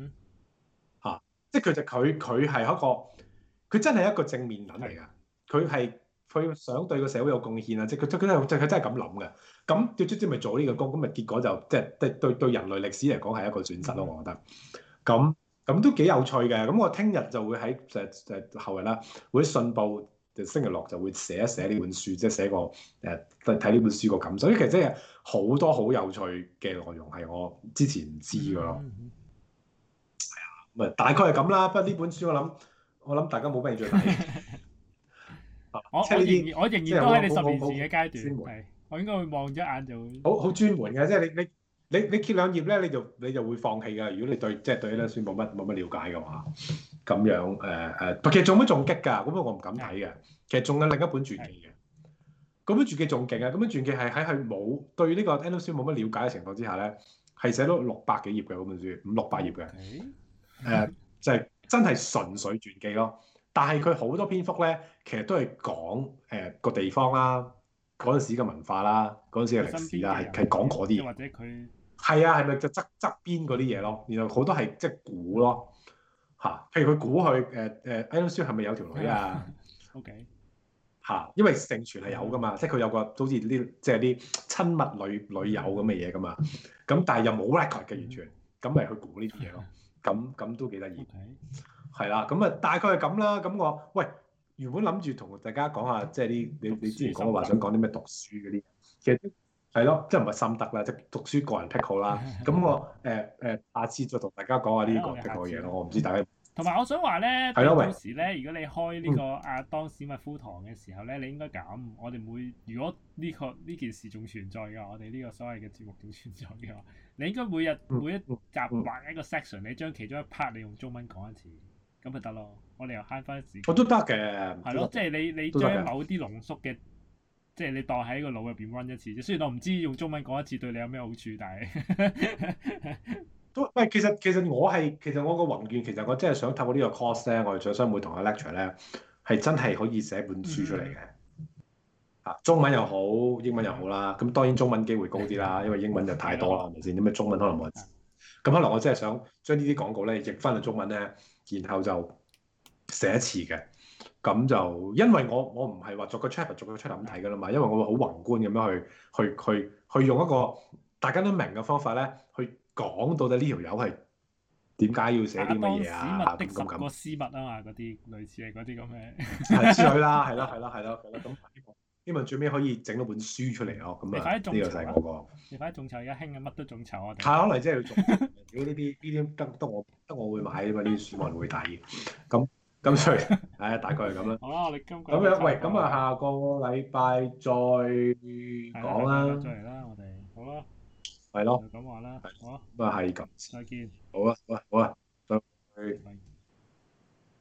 A: 嗯！即係佢就佢佢係一個，佢真係一個正面人嚟㗎。佢係佢想對個社會有貢獻啦，即係佢真佢佢真係咁諗嘅。咁就知點咪做呢個工？咁咪結果就即係、即係、對對對人類歷史嚟講係一個損失咯，嗯、我覺得。咁咁都幾有趣嘅，咁我聽日就會喺就就後日啦，會信報就星期六就會寫一寫呢本書，即係寫個誒睇呢本書個感受。所以其實真係好多好有趣嘅內容係我之前唔知噶咯。係啊、嗯，嗯、大概係咁啦。不過呢本書我諗我諗大家冇咩嘢再睇。我 我仍然我仍然都喺你十年前嘅階段，
B: 我應該會望咗眼就會好
A: 好專門嘅，即係你你。你你你揭兩頁咧，你就你就會放棄噶。如果你對即係、就是、對呢啲書冇乜冇乜瞭解嘅話，咁樣誒誒、呃，其實仲乜仲激㗎？咁樣我唔敢睇嘅。其實仲有另一本傳記嘅，嗰本傳記仲勁啊！嗰本傳記係喺佢冇對呢個《n d l 冇乜了解嘅情況之下咧，係寫到六百幾頁嘅嗰本書，五六百頁嘅。誒 Okay.、呃，就係、是、真係純粹傳記咯。但係佢好多篇幅咧，其實都係講誒個、呃、地方啦，嗰陣時嘅文化啦，嗰陣時嘅歷史啦，係係講嗰啲嘢。或者佢？係啊，係咪就側側邊嗰啲嘢咯？然後好多係即係估咯，嚇。譬如佢估佢誒誒 A 本書係咪有條女啊
B: ？OK，
A: 嚇，因為盛傳係有噶嘛，即係佢有個好似啲即係啲親密女女友咁嘅嘢噶嘛。咁但係又冇 record 嘅完全，咁咪去估呢啲嘢咯。咁咁都幾得意，係啦 Okay.。咁啊，大概係咁啦。咁我喂原本諗住同大家講下，即係啲你你之前講話想講啲咩讀書嗰啲，其實。係咯，即係唔係心得啦，即係讀書個人癖好啦。咁 我誒誒下次再同大家講下呢個嘢咯。我唔知大家。
B: 同埋我想話咧，有了了時咧，如果你開呢、這個、嗯、啊當史密夫堂嘅時候咧，你應該咁。我哋每如果呢、這個呢件事仲存在嘅，我哋呢個所謂嘅節目仲存在嘅話，你應該每日每一集畫一個 section，、嗯嗯嗯、你將其中一 part 你用中文講一次，咁咪得咯。我哋又慳翻時我都得嘅。係咯了，即係了你你將某啲濃縮嘅。即係你當喺個腦入邊 run 一次啫，雖然我唔知用中文講一次對你有咩好處，但係
A: 都唔其實其實我係其實我個宏願，其實我真係想透過這個呢個 course 咧，我哋在商會同阿 lecturer 咧，係真係可以寫本書出嚟嘅。嚇、嗯啊，中文又好，英文又好啦。咁當然中文機會高啲啦，因為英文就太多啦，係咪先？點解中文可能冇人，咁可能我真係想將呢啲廣告咧譯翻到中文咧，然後就寫一次嘅。咁就因為我我唔係話逐個 chapter 逐個 chapter 咁睇㗎啦嘛，因為我會好宏觀咁樣去去去去用一個大家都明嘅方法咧，去講到底呢條友係點解要寫啲乜嘢啊？咁咁咁。個
B: 絲襪啊嘛，嗰啲類似係嗰啲咁嘅。係 啦，係啦，係啦，係啦。咁
A: 呢個呢個最尾可以整到本書出嚟哦。咁啊，呢個就係嗰你而
B: 家眾籌而家興嘅乜都眾籌啊。係， 可能
A: 真係要眾籌。如果呢啲呢啲得得我得我會買㗎嘛，啲書我我會睇。咁。咁係，誒，大概係咁啦。好
B: 啦，你今，咁樣，喂，咁啊，
A: 下個禮拜再講啦。
B: 再嚟啦，我哋，好
A: 啦。係咯，咁話啦。好啊。咁啊，係咁。再見。好啊，好啊，好啊，再。